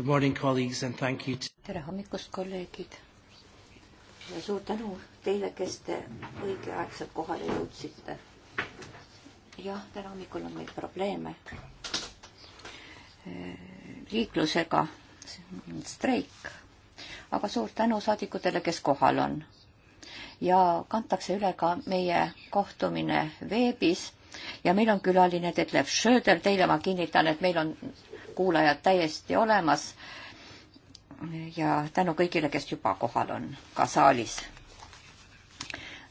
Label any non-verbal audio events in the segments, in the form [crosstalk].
Good morning, colleagues, and thank you. tere hommikust, kolleegid. ja suur tänu teile, kes te õigeaegselt kohale jõudsite. jah, täna hommikul on meil probleeme eh, liiklusega, streik, aga suur tänu saadikutele, kes kohal on. ja kantakse üle ka meie kohtumine veebis ja meil on külaline Detlev Schröder, teile ma kinnitan, et meil on kuulajad täiesti olemas. ja tänu kõigile, kes juba kohal on, ka saalis.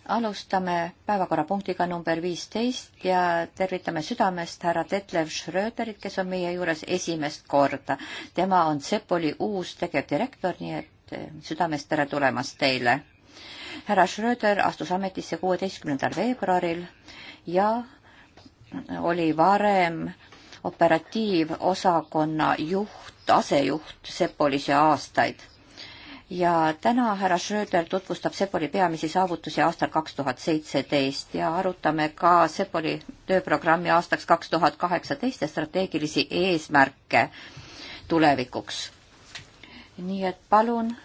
alustame päevakorrapunktiga number viisteist ja tervitame südamest härra Detlev Schröderit, kes on meie juures esimest korda. tema on Sepoli uus tegevdirektor, nii et eh, südamest tere tulemast teile. härra Schröder astus ametisse kuueteistkümnendal veebruaril ja oli varem operatiivosakonna juht, asejuht Sepolis ja aastaid. ja täna härra Schröder tutvustab Sepoli peamisi saavutusi aastal kaks tuhat seitseteist ja arutame ka Sepoli tööprogrammi aastaks kaks tuhat kaheksateist ja strateegilisi eesmärke tulevikuks. nii et palun,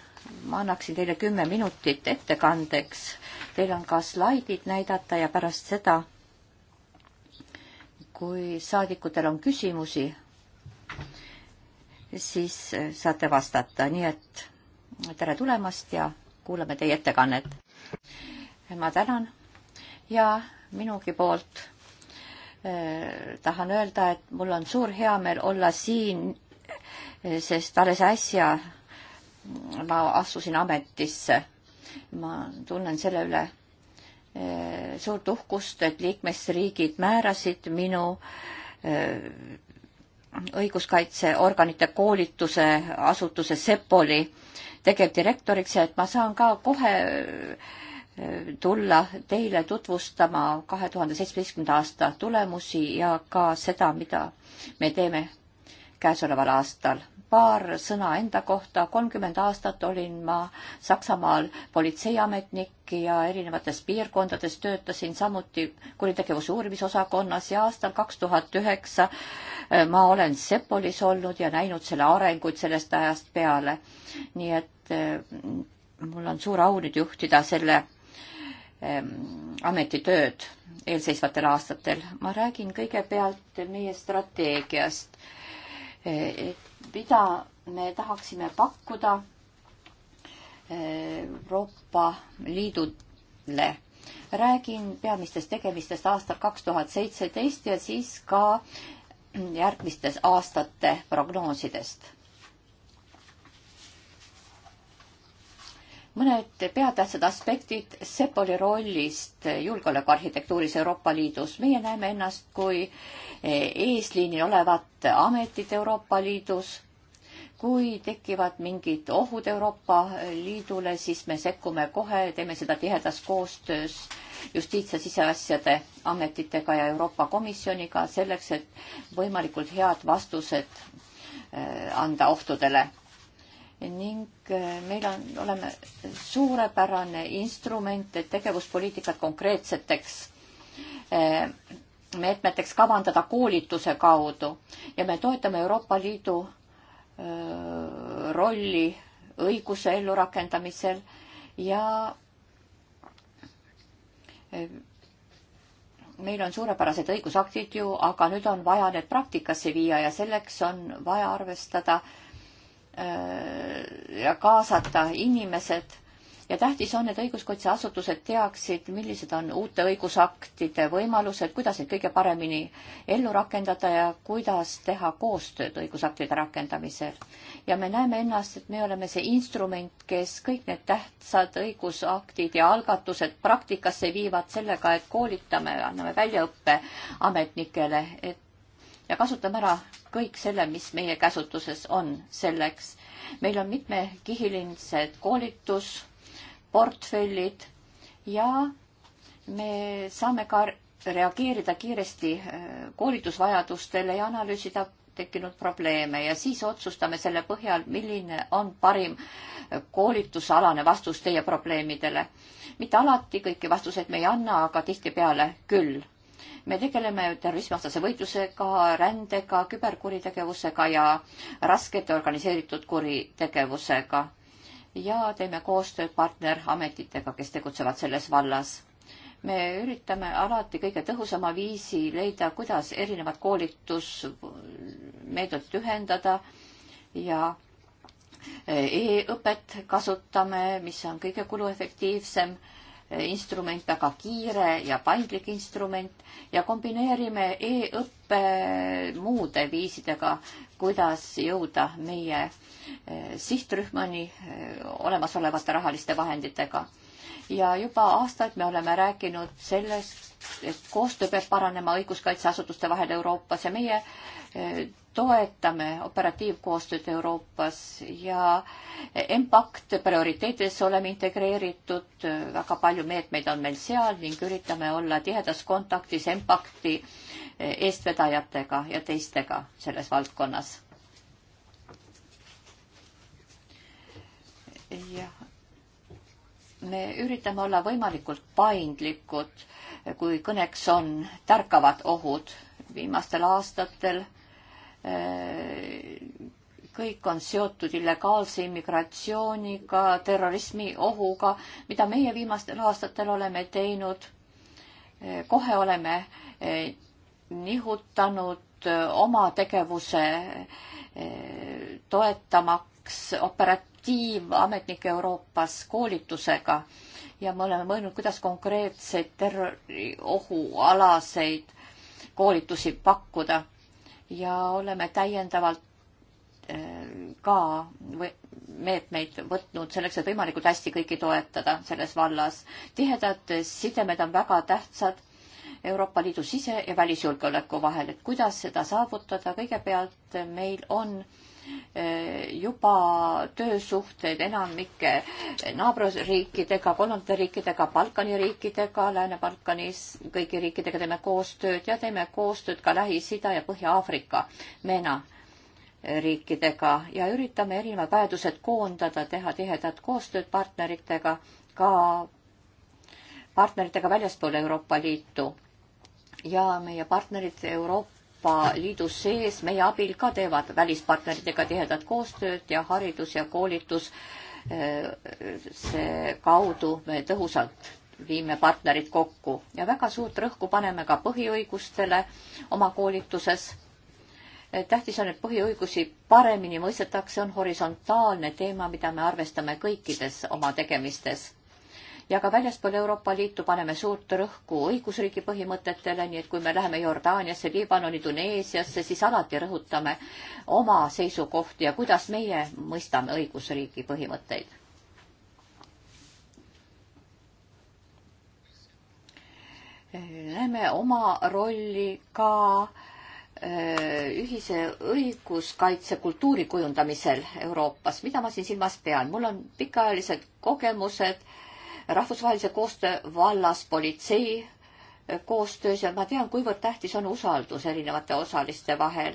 ma annaksin teile kümme minutit ettekandeks. Teil on ka slaidid näidata ja pärast seda kui saadikutel on küsimusi, siis äh, saate vastata, nii et tere tulemast ja kuulame teie ettekannet. ma tänan ja minugi poolt eh, tahan öelda, et mul on suur heameel olla siin, äh, sest alles äsja ma astusin ametisse. ma tunnen selle üle Eh, suurt uhkust, et liikmesriigid määrasid minu eh, õiguskaitseorganite koolituse asutuse Sepoli tegevdirektoriks ja et ma saan ka kohe eh, tulla teile tutvustama kahe tuhande seitsmeteistkümnenda aasta tulemusi ja ka seda, mida me teeme käesoleval aastal. paar sõna enda kohta. kolmkümmend aastat olin ma Saksamaal politseiametnik ja erinevates piirkondades töötasin samuti kuritegevuse uurimisosakonnas ja aastal kaks tuhat üheksa eh, ma olen Sepolis olnud ja näinud selle arenguid sellest ajast peale. nii et eh, mul on suur au nüüd juhtida selle ehm, ametitööd eelseisvatel aastatel. ma räägin kõigepealt meie strateegiast mida me tahaksime pakkuda eh, Euroopa Liidule. räägin peamistest tegemistest aastal kaks tuhat seitseteist ja siis ka järgmiste aastate prognoosidest mõned peatähtsad aspektid Sepoli rollist julgeolekuarhitektuuris Euroopa Liidus. meie näeme ennast kui eh, eesliinil olevat ametit Euroopa Liidus. kui tekivad mingid ohud Euroopa eh, Liidule, siis me sekkume kohe, teeme seda tihedas koostöös justiits- ja siseasjade ametitega ja Euroopa Komisjoniga selleks, et võimalikult head vastused eh, anda ohtudele ning äh, meil on, oleme suurepärane instrument, et tegevuspoliitikat konkreetseteks äh, meetmeteks kavandada koolituse kaudu ja me toetame Euroopa Liidu äh, rolli õiguse ellurakendamisel ja meil on suurepärased õigusaktid ju, aga nüüd on vaja need praktikasse viia ja selleks on vaja arvestada äh, Äh, ja kaasata inimesed ja tähtis on, et õiguskaitseasutused teaksid, millised on uute õigusaktide võimalused, kuidas neid kõige paremini ellu rakendada ja kuidas teha koostööd õigusaktide rakendamisel. ja me näeme ennast, et me oleme see instrument, kes kõik need tähtsad õigusaktid ja algatused praktikasse viivad sellega, et koolitame, anname väljaõppe ametnikele, et ja kasutame ära kõik selle, mis meie käsutuses on selleks. meil on mitmekihilised koolitusportfellid ja me saame ka reageerida kiiresti äh, koolitusvajadustele ja analüüsida tekkinud probleeme ja siis otsustame selle põhjal, milline on parim äh, koolitusalane vastus teie probleemidele. mitte alati kõiki vastuseid me ei anna, aga tihtipeale küll me tegeleme terrorismivastase võitlusega, rändega, küberkuritegevusega ja raskete organiseeritud kuritegevusega ja teeme koostööd partnerametitega, kes tegutsevad selles vallas me üritame alati kõige tõhusama viisi leida, kuidas erinevad koolitusmeetodid ühendada ja e-õpet kasutame, mis on kõige kuluefektiivsem instrument, väga kiire ja paindlik instrument ja kombineerime e-õppe muude viisidega, kuidas jõuda meie eh, sihtrühmani eh, olemasolevate rahaliste vahenditega. ja juba aastaid me oleme rääkinud sellest, et koostöö peab paranema õiguskaitseasutuste vahel Euroopas ja meie eh, toetame operatiivkoostööd Euroopas ja EMPACT prioriteetides oleme integreeritud, väga palju meetmeid on meil seal ning üritame olla tihedas kontaktis EMPACT-i eestvedajatega ja teistega selles valdkonnas. jah, me üritame olla võimalikult paindlikud, kui kõneks on tärkavad ohud viimastel aastatel kõik on seotud illegaalse immigratsiooniga, terrorismi ohuga, mida meie viimastel aastatel oleme teinud. kohe oleme e, nihutanud e, oma tegevuse e, toetamaks operatiivametnike Euroopas koolitusega ja me oleme mõelnud, kuidas konkreetseid terroriohualaseid koolitusi pakkuda ja oleme täiendavalt äh, ka meetmeid võtnud selleks, et võimalikult hästi kõiki toetada selles vallas. tihedad sidemed on väga tähtsad Euroopa Liidu sise- ja välisjulgeoleku vahel, et kuidas seda saavutada, kõigepealt meil on äh, juba töösuhteid enamike naaberriikidega, kolmandate riikidega, Balkani riikidega, Lääne-Balkanis, kõigi riikidega teeme koostööd ja teeme koostööd ka Lähis-Ida ja Põhja-Aafrika MENA riikidega ja üritame erinevad vajadused koondada, teha tihedat koostööd partneritega, ka partneritega väljaspool Euroopa Liitu ja meie partnerid Euroopa Euroopa Liidu sees meie abil ka teevad välispartneritega tihedat koostööd ja haridus ja koolitus eh, see kaudu me tõhusalt viime partnerid kokku ja väga suurt rõhku paneme ka põhiõigustele oma koolituses. Eh, tähtis on, et põhiõigusi paremini mõistetakse, on horisontaalne teema, mida me arvestame kõikides oma tegemistes ja ka väljaspool Euroopa Liitu paneme suurt rõhku õigusriigi põhimõtetele, nii et kui me läheme Jordaaniasse, Liibanoni, Tuneesiasse, siis alati rõhutame oma seisukohti ja kuidas meie mõistame õigusriigi põhimõtteid. näeme oma rolli ka äh, ühise õiguskaitse kultuuri kujundamisel Euroopas, mida ma siin silmas pean, mul on pikaajalised kogemused rahvusvahelise koostöö vallas politsei koostöös ja ma tean, kuivõrd tähtis on usaldus erinevate osaliste vahel.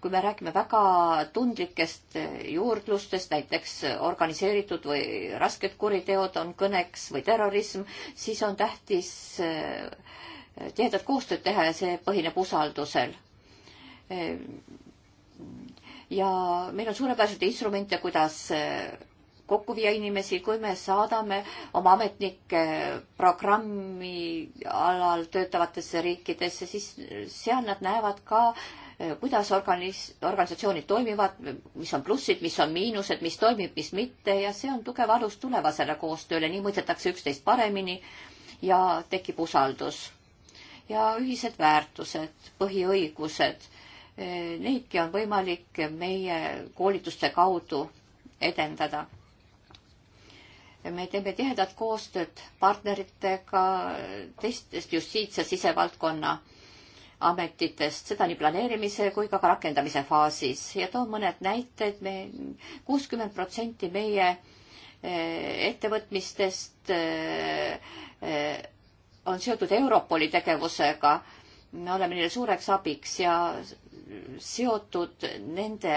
kui me räägime väga tundlikest juurdlustest, näiteks organiseeritud või rasked kuriteod on kõneks või terrorism, siis on tähtis eh, tihedat koostööd teha ja see põhineb usaldusel. Eh, ja meil on suurepäraseid instrumente, kuidas eh, kokku viia inimesi, kui me saadame oma ametnikke programmi alal töötavatesse riikidesse, siis seal nad näevad ka, eh, kuidas organis-, organisatsioonid toimivad, mis on plussid, mis on miinused, mis toimib, mis mitte ja see on tugev alus tulevasele koostööle, nii mõistetakse üksteist paremini ja tekib usaldus. ja ühised väärtused, põhiõigused, eh, neidki on võimalik meie koolituste kaudu edendada me teeme tihedat koostööd partneritega teistest justiits- ja sisevaldkonna ametitest, seda nii planeerimise kui ka, ka rakendamise faasis ja toon mõned näited me,, me kuuskümmend protsenti meie eh, ettevõtmistest eh, eh, on seotud Europoli tegevusega. me oleme neile suureks abiks ja seotud nende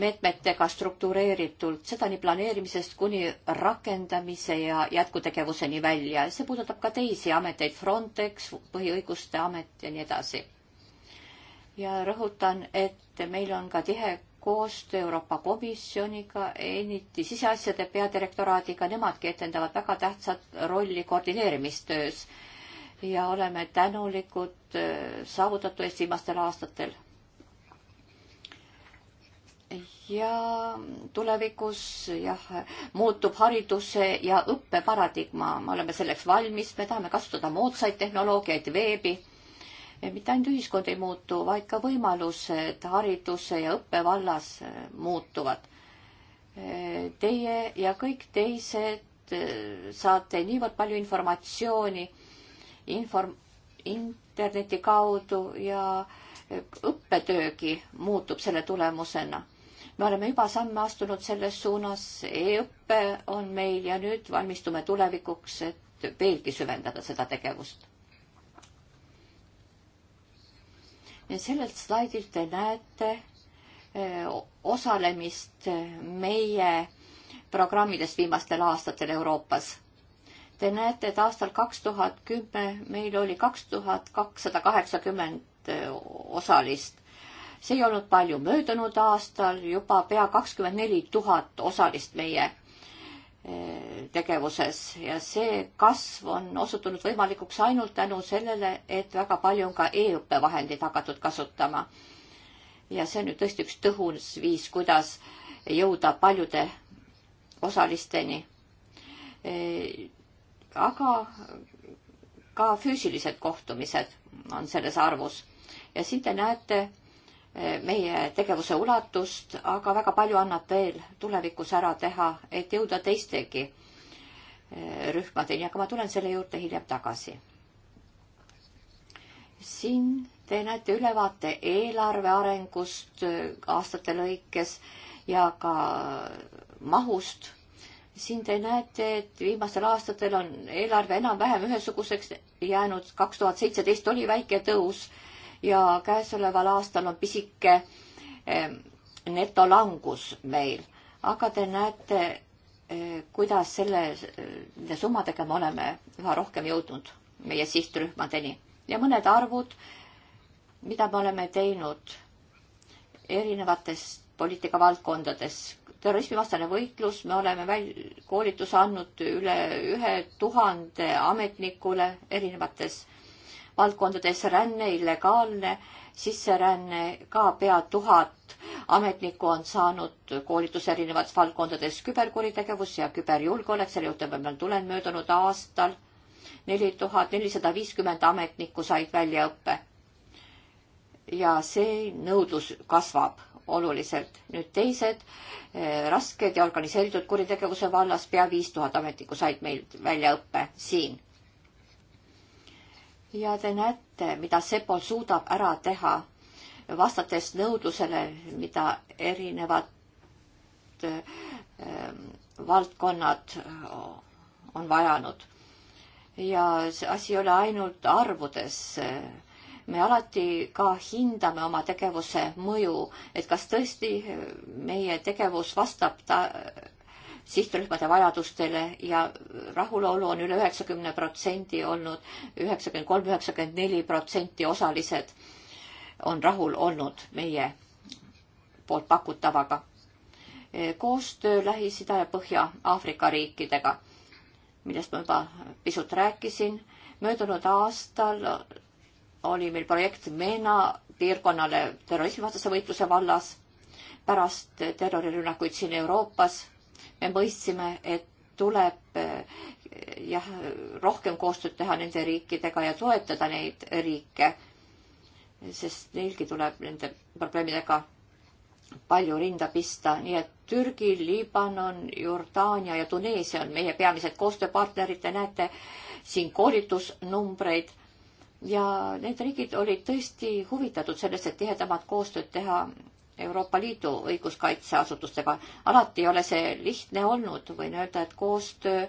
meetmetega struktureeritult, seda nii planeerimisest kuni rakendamise ja jätkutegevuseni välja. see puudutab ka teisi ameteid, Frontex, Põhiõiguste Amet ja nii edasi. ja rõhutan, et meil on ka tihe koostöö Euroopa Komisjoniga, eriti siseasjade peadirektoraadiga, nemadki etendavad väga tähtsat rolli koordineerimistöös ja oleme tänulikud äh, saavutatu eest viimastel aastatel ja tulevikus jah, muutub hariduse ja õppe paradigma, me oleme selleks valmis, me tahame kasutada moodsaid tehnoloogiaid, veebi. mitte ainult ühiskond ei muutu, vaid ka võimalused hariduse ja õppe vallas muutuvad. Teie ja kõik teised saate niivõrd palju informatsiooni inform-, interneti kaudu ja õppetöögi muutub selle tulemusena me oleme juba samme astunud selles suunas e, e-õpe on meil ja nüüd valmistume tulevikuks, et veelgi süvendada seda tegevust. ja sellelt slaidilt te näete eh, osalemist meie programmidest viimastel aastatel Euroopas. Te näete, et aastal kaks tuhat kümme meil oli kaks tuhat kakssada kaheksakümmend eh, osalist see ei olnud palju. möödunud aastal juba pea kakskümmend neli tuhat osalist meie eh, tegevuses ja see kasv on osutunud võimalikuks ainult tänu sellele, et väga palju on ka e-õppevahendeid hakatud kasutama. ja see on ju tõesti üks tõhus viis, kuidas jõuda paljude osalisteni. Eh, aga ka füüsilised kohtumised on selles arvus ja siin te näete meie tegevuse ulatust, aga väga palju annab veel tulevikus ära teha, et jõuda teistegi eh, rühmadeni, aga ma tulen selle juurde hiljem tagasi. siin te näete ülevaate eelarve arengust eh, aastate lõikes ja ka eh, mahust. siin te näete, et viimastel aastatel on eelarve enam-vähem ühesuguseks jäänud, kaks tuhat seitseteist oli väike tõus ja käesoleval aastal on pisike eh, netolangus meil, aga te näete, eh, kuidas selle, nende summadega me oleme üha rohkem jõudnud meie sihtrühmadeni ja mõned arvud, mida me oleme teinud erinevates poliitikavaldkondades. terrorismivastane võitlus, me oleme väl-, koolituse andnud üle ühe tuhande ametnikule erinevates valdkondades ränne, illegaalne sisseränne, ka pea tuhat ametnikku on saanud koolituse erinevates valdkondades küberkuritegevus ja küberjulgeolek, selle juurde ma veel tulen möödunud aastal. neli tuhat nelisada viiskümmend ametnikku said väljaõppe. ja see nõudlus kasvab oluliselt. nüüd teised eh, rasked ja organiseeritud kuritegevuse vallas pea viis tuhat ametnikku said meil väljaõppe siin ja te näete, mida Sepol suudab ära teha, vastates nõudlusele, mida erinevad ähm, valdkonnad on vajanud. ja see asi ei ole ainult arvudes. me alati ka hindame oma tegevuse mõju, et kas tõesti meie tegevus vastab ta sihtrühmade vajadustele ja rahulolu on üle üheksakümne protsendi olnud, üheksakümmend kolm, üheksakümmend neli protsenti osalised on rahul olnud meie poolt pakutavaga. koostöö Lähis-Ida ja Põhja-Aafrika riikidega, millest ma juba pisut rääkisin, möödunud aastal oli meil projekt MENA piirkonnale terrorismivastase võitluse vallas pärast terrorirünnakuid siin Euroopas me mõistsime, et tuleb eh, jah, rohkem koostööd teha nende riikidega ja toetada neid riike, sest neilgi tuleb nende probleemidega palju rinda pista, nii et Türgi, Liibanon, Jordaania ja Tuneesia on meie peamised koostööpartnerid, te näete siin koolitusnumbreid ja need riigid olid tõesti huvitatud sellest, et tihedamat koostööd teha Euroopa Liidu õiguskaitseasutustega. alati ei ole see lihtne olnud, võin öelda, et koostöö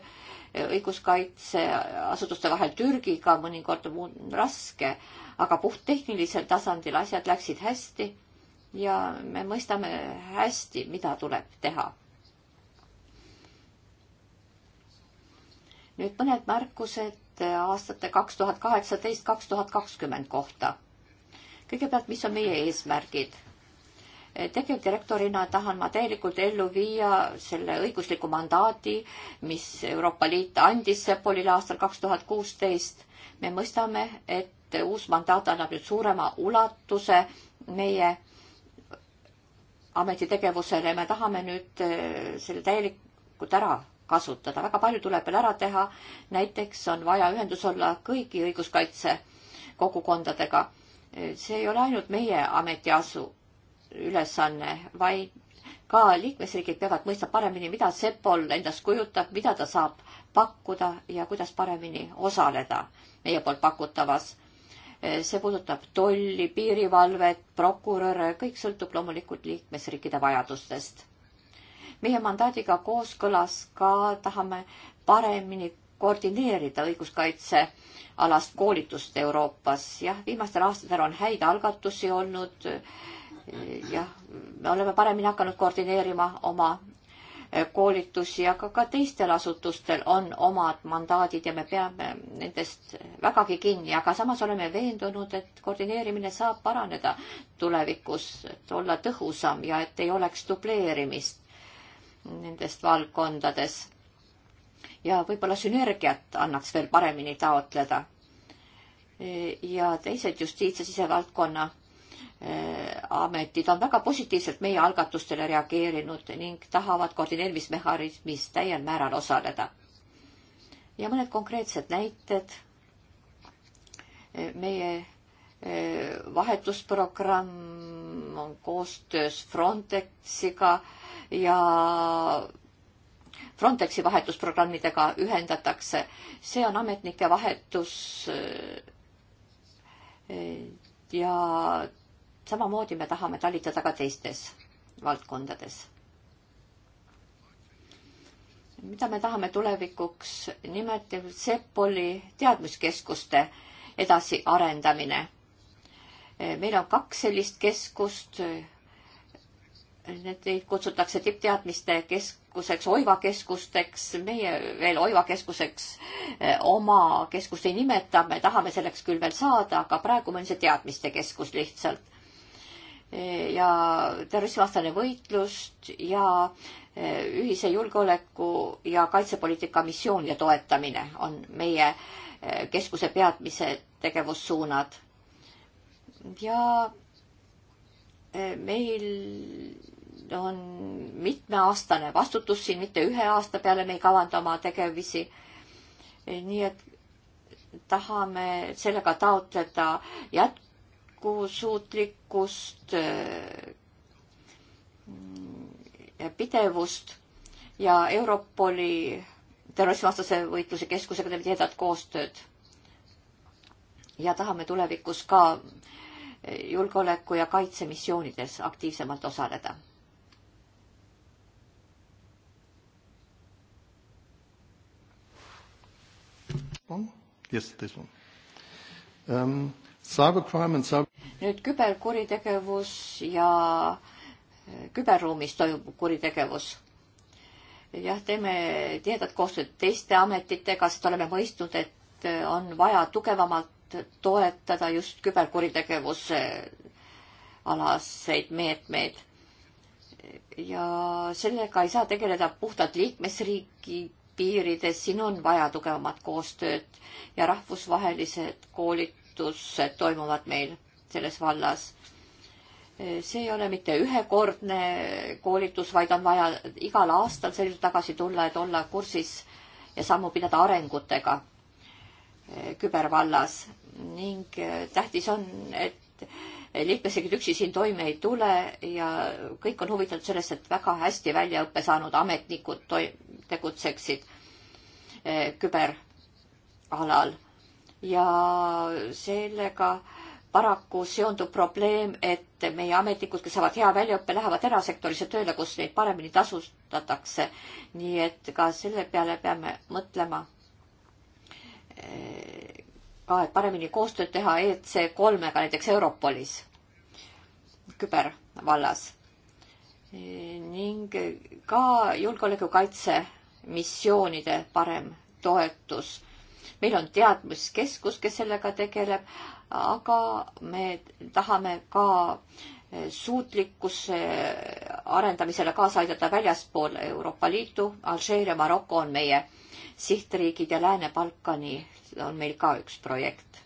õiguskaitseasutuste vahel Türgiga mõnikord on raske, aga puhttehnilisel tasandil asjad läksid hästi ja me mõistame hästi, mida tuleb teha. nüüd mõned märkused aastate kaks tuhat kaheksateist, kaks tuhat kakskümmend kohta. kõigepealt, mis on meie eesmärgid Eh, tegevdirektorina tahan ma täielikult ellu viia selle õigusliku mandaadi, mis Euroopa Liit andis Sepolile aastal kaks tuhat kuusteist. me mõistame, et uus mandaat annab nüüd suurema ulatuse meie ametitegevusele ja me tahame nüüd eh, selle täielikult ära kasutada. väga palju tuleb veel ära teha. näiteks on vaja ühendus olla kõigi õiguskaitse kogukondadega. Eh, see ei ole ainult meie ametiasu ülesanne, vaid ka liikmesriigid peavad mõistma paremini, mida Sepol endast kujutab, mida ta saab pakkuda ja kuidas paremini osaleda meie poolt pakutavas. see puudutab tolli, piirivalvet, prokuröre, kõik sõltub loomulikult liikmesriikide vajadustest. meie mandaadiga kooskõlas ka tahame paremini koordineerida õiguskaitsealast koolitust Euroopas. jah, viimastel aastatel on häid algatusi olnud jah, me oleme paremini hakanud koordineerima oma eh, koolitusi, aga ka teistel asutustel on omad mandaadid ja me peame nendest vägagi kinni, aga samas oleme veendunud, et koordineerimine saab paraneda tulevikus, et olla tõhusam ja et ei oleks dubleerimist nendest valdkondades. ja võib-olla sünergiat annaks veel paremini taotleda. Eh, ja teised justiits- ja sisevaldkonna Äh, ametid on väga positiivselt meie algatustele reageerinud ning tahavad koordineerimismehhanismis täiel määral osaleda. ja mõned konkreetsed näited. Äh, meie äh, vahetusprogramm on koostöös Frontexiga ja Frontexi vahetusprogrammidega ühendatakse. see on ametnike vahetus ja samamoodi me tahame talitada ka teistes valdkondades. mida me tahame tulevikuks nimetada, Sepoli teadmiskeskuste edasiarendamine. meil on kaks sellist keskust. Need kutsutakse tippteadmiste keskuseks, Oiva keskusteks, meie veel Oiva keskuseks eh, oma keskust ei nimeta, me tahame selleks küll veel saada, aga praegu meil on see teadmiste keskus lihtsalt ja terrorismivastane võitlust ja e, ühise julgeoleku ja kaitsepoliitika missioonide toetamine on meie e, keskuse peatmised tegevussuunad. ja e, meil on mitmeaastane vastutus siin, mitte ühe aasta peale me ei kavanda oma tegevusi. nii et tahame sellega taotleda jätku jätkusuutlikkust äh, ja pidevust ja Europoli terrorismivastase võitluse keskusega teeme tihedat koostööd. ja tahame tulevikus ka äh, julgeoleku ja kaitsemissioonides aktiivsemalt osaleda. on? Yes, this one. Um, nüüd küberkuritegevus ja eh, küberruumis toimub kuritegevus. jah, teeme tihedat koostööd teiste ametitega, sest oleme mõistnud, et eh, on vaja tugevamalt toetada just küberkuritegevuse eh, alaseid meetmeid. ja sellega ei saa tegeleda puhtalt liikmesriigi piirides, siin on vaja tugevamat koostööd ja rahvusvahelised koolid üritused toimuvad meil selles vallas. see ei ole mitte ühekordne koolitus, vaid on vaja igal aastal selgelt tagasi tulla, et olla kursis ja sammu pidada arengutega kübervallas ning tähtis on, et liikmesriigid üksi siin toime ei tule ja kõik on huvitatud sellest, et väga hästi väljaõppe saanud ametnikud tegutseksid küberalal ja sellega paraku seondub probleem, et meie ametnikud, kes saavad hea väljaõppe, lähevad erasektorisse tööle, kus neid paremini tasustatakse. nii et ka selle peale peame mõtlema eh, ka, et paremini koostööd teha EC kolmega näiteks Europolis kübervallas ning ka julgeolekukaitse missioonide parem toetus meil on teadmiskeskus, kes sellega tegeleb, aga me tahame ka eh, suutlikkuse arendamisele kaasa aidata väljaspool Euroopa Liitu. Alžeeria, Maroko on meie sihtriigid ja Lääne-Balkani on meil ka üks projekt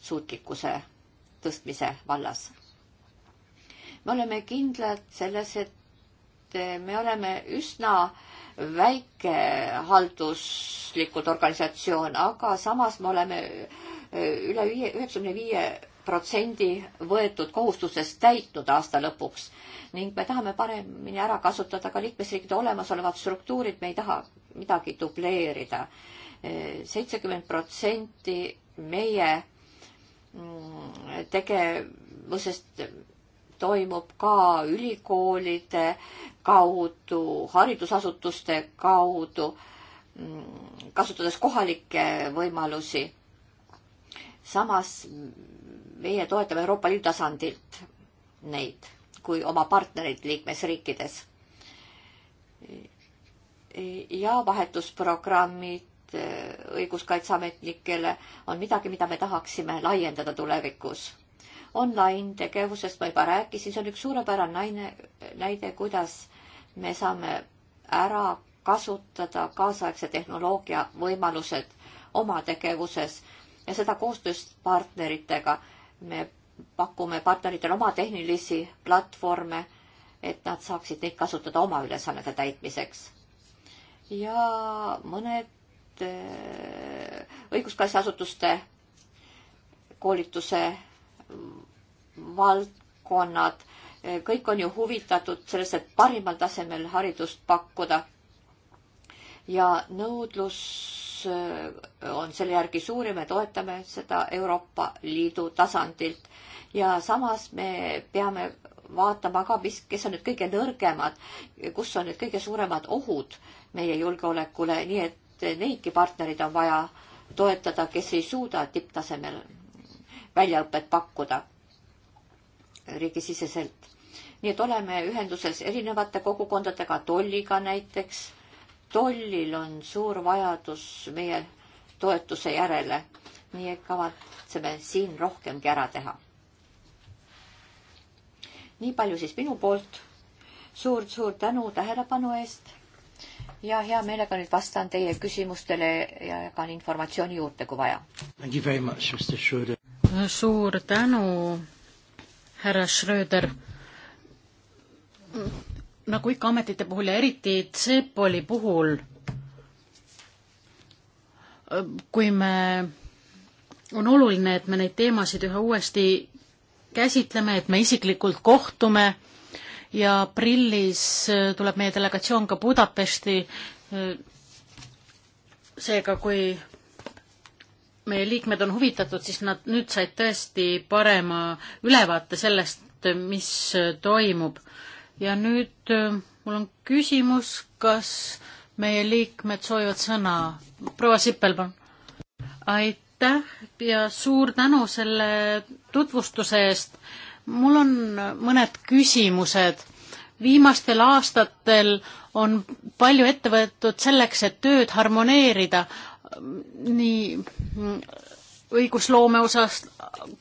suutlikkuse tõstmise vallas. me oleme kindlad selles, et me oleme üsna äh, väike halduslikult organisatsioon, aga samas me oleme äh, üle viie, üheksakümne viie protsendi võetud kohustustest täitnud aasta lõpuks ning me tahame paremini ära kasutada ka liikmesriikide olemasolevad struktuurid, me ei taha midagi dubleerida. seitsekümmend protsenti meie mm, tegevusest toimub ka ülikoolide kaudu, haridusasutuste kaudu, mm, kasutades kohalikke võimalusi. samas meie toetame Euroopa Liidu tasandilt neid kui oma partnerid liikmesriikides. ja vahetusprogrammid õiguskaitseametnikele on midagi, mida me tahaksime laiendada tulevikus online tegevusest ma juba rääkisin, see on üks suurepärane naine, näide, kuidas me saame ära kasutada kaasaegse tehnoloogia võimalused oma tegevuses ja seda koostöös partneritega. me pakume partneritele oma tehnilisi platvorme, et nad saaksid neid kasutada oma ülesannete täitmiseks. ja mõned äh, õiguskaitseasutuste koolituse valdkonnad, kõik on ju huvitatud sellest, et parimal tasemel haridust pakkuda. ja nõudlus eh, on selle järgi suur ja me toetame seda Euroopa Liidu tasandilt ja samas me peame vaatama ka, mis, kes on need kõige nõrgemad, kus on need kõige suuremad ohud meie julgeolekule, nii et neidki partnerid on vaja toetada, kes ei suuda tipptasemel väljaõpet pakkuda riigisiseselt. nii et oleme ühenduses erinevate kogukondadega, tolliga näiteks. tollil on suur vajadus meie toetuse järele, nii et kavatseme siin rohkemgi ära teha. nii palju siis minu poolt suur,. suur-suur tänu tähelepanu eest ja hea meelega nüüd vastan teie küsimustele ja jagan informatsiooni juurde, kui vaja. suur tänu härra Schröder, nagu ikka ametite puhul ja eriti CEPOL-i puhul, kui me, on oluline, et me neid teemasid üha uuesti käsitleme, et me isiklikult kohtume ja aprillis tuleb meie delegatsioon ka Budapesti. seega, kui meie liikmed on huvitatud, siis nad nüüd said tõesti parema ülevaate sellest, mis toimub. ja nüüd äh, mul on küsimus, kas meie liikmed soovivad sõna? proua Sippel, palun. aitäh ja suur tänu selle tutvustuse eest. mul on mõned küsimused viimastel aastatel on palju ette võetud selleks, et tööd harmoneerida, nii õigusloome osas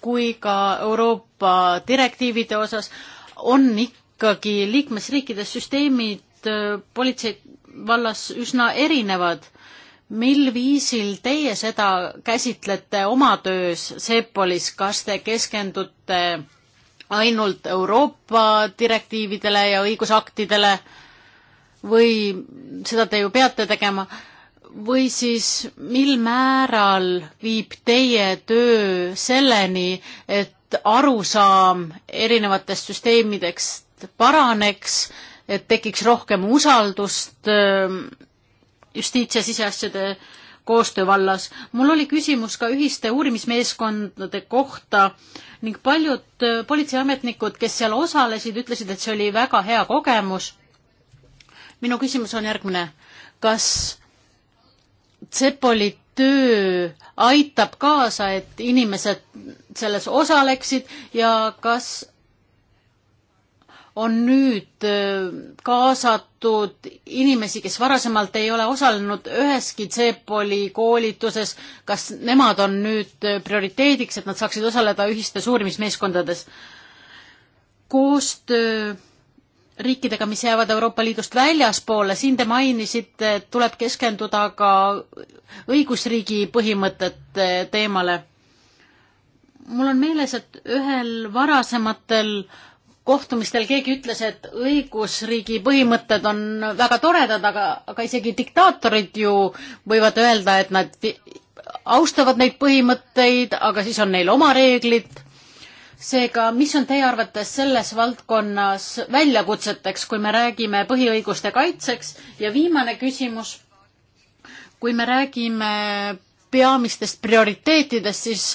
kui ka Euroopa direktiivide osas on ikkagi liikmesriikides süsteemid äh, politsei vallas üsna erinevad. mil viisil teie seda käsitlete oma töös Sepolis, kas te keskendute ainult Euroopa direktiividele ja õigusaktidele või seda te ju peate tegema või siis mil määral viib teie töö selleni, et arusaam erinevatest süsteemidest paraneks, et tekiks rohkem usaldust ähm, justiits- ja siseasjade koostöö vallas. mul oli küsimus ka ühiste uurimismeeskondade kohta ning paljud äh, politseiametnikud, kes seal osalesid, ütlesid, et see oli väga hea kogemus. minu küsimus on järgmine. kas Tsepoli töö aitab kaasa, et inimesed selles osaleksid ja kas on nüüd äh, kaasatud inimesi, kes varasemalt ei ole osalenud üheski CEPOL-i koolituses, kas nemad on nüüd äh, prioriteediks, et nad saaksid osaleda ühistes uurimismeeskondades? koostöö riikidega, mis jäävad Euroopa Liidust väljaspoole, siin te mainisite, et tuleb keskenduda ka õigusriigi põhimõtete teemale. mul on meeles, et ühel varasematel kohtumistel keegi ütles, et õigusriigi põhimõtted on väga toredad, aga, aga isegi diktaatorid ju võivad öelda, et nad austavad neid põhimõtteid, aga siis on neil oma reeglid seega, mis on teie arvates selles valdkonnas väljakutseteks, kui me räägime põhiõiguste kaitseks ja viimane küsimus, kui me räägime peamistest prioriteetidest, siis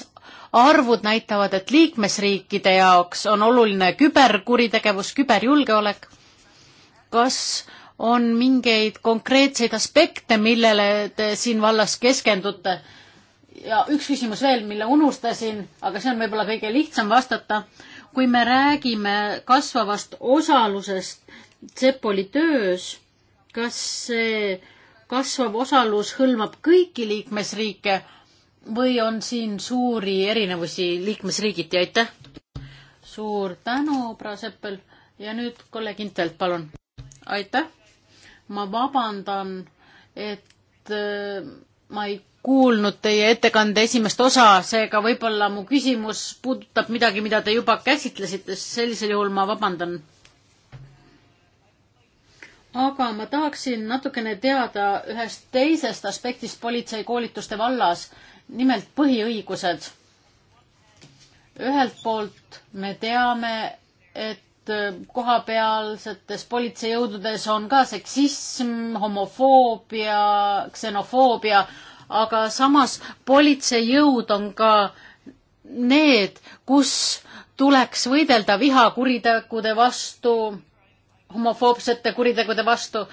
arvud näitavad, et liikmesriikide jaoks on oluline küberkuritegevus, küberjulgeolek. kas on mingeid konkreetseid aspekte, millele te siin vallas keskendute? ja üks küsimus veel, mille unustasin, aga see on võib-olla kõige lihtsam vastata. kui me räägime kasvavast osalusest Tsepoli töös, kas see kasvav osalus hõlmab kõiki liikmesriike või on siin suuri erinevusi liikmesriigiti, aitäh! suur tänu, Praseppel ja nüüd kolleeg Intelt, palun! aitäh! ma vabandan, et äh, ma ei kuulnud teie ettekande esimest osa, seega võib-olla mu küsimus puudutab midagi, mida te juba käsitlesite, sellisel juhul ma vabandan. aga ma tahaksin natukene teada ühest teisest aspektist politseikoolituste vallas, nimelt põhiõigused. ühelt poolt me teame, et kohapealsetes politseijõududes on ka seksism, homofoobia, ksenofoobia aga samas politseijõud on ka need, kus tuleks võidelda vihakuritegude vastu, homofoobsete kuritegude vastu.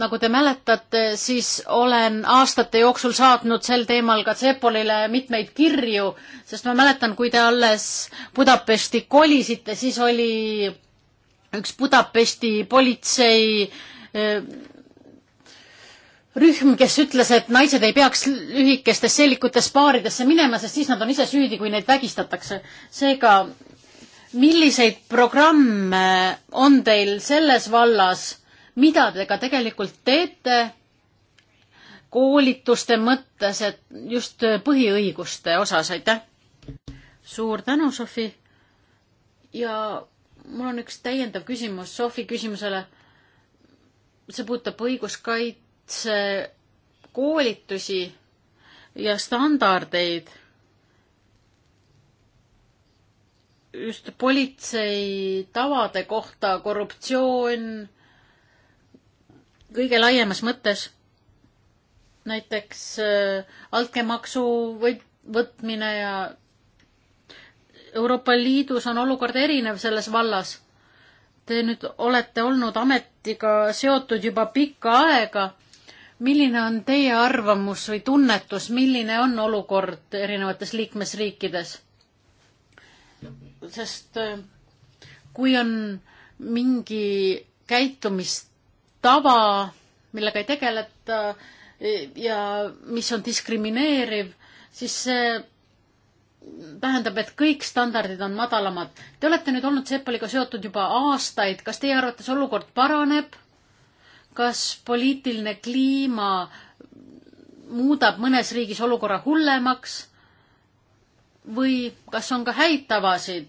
nagu te mäletate, siis olen aastate jooksul saatnud sel teemal ka Tsepolile mitmeid kirju, sest ma mäletan, kui te alles Budapesti kolisite, siis oli üks Budapesti politsei eh, rühm, kes ütles, et naised ei peaks lühikestes sellikutes baaridesse minema, sest siis nad on ise süüdi, kui neid vägistatakse. seega, milliseid programme on teil selles vallas, mida te ka tegelikult teete koolituste mõttes, et just põhiõiguste osas, aitäh! suur tänu, Sofi! ja mul on üks täiendav küsimus Sofi küsimusele. see puudutab õiguskaitse kaitsekoolitusi ja standardeid just politsei tavade kohta, korruptsioon kõige laiemas mõttes. näiteks äh, altkäemaksu või võtmine ja Euroopa Liidus on olukord erinev selles vallas. Te nüüd olete olnud ametiga seotud juba pikka aega milline on teie arvamus või tunnetus, milline on olukord erinevates liikmesriikides? sest äh, kui on mingi käitumistava, millega ei tegeleta äh, ja mis on diskrimineeriv, siis see tähendab, et kõik standardid on madalamad. Te olete nüüd olnud Seppaliga seotud juba aastaid, kas teie arvates olukord paraneb kas poliitiline kliima muudab mõnes riigis olukorra hullemaks või kas on ka häid tavasid?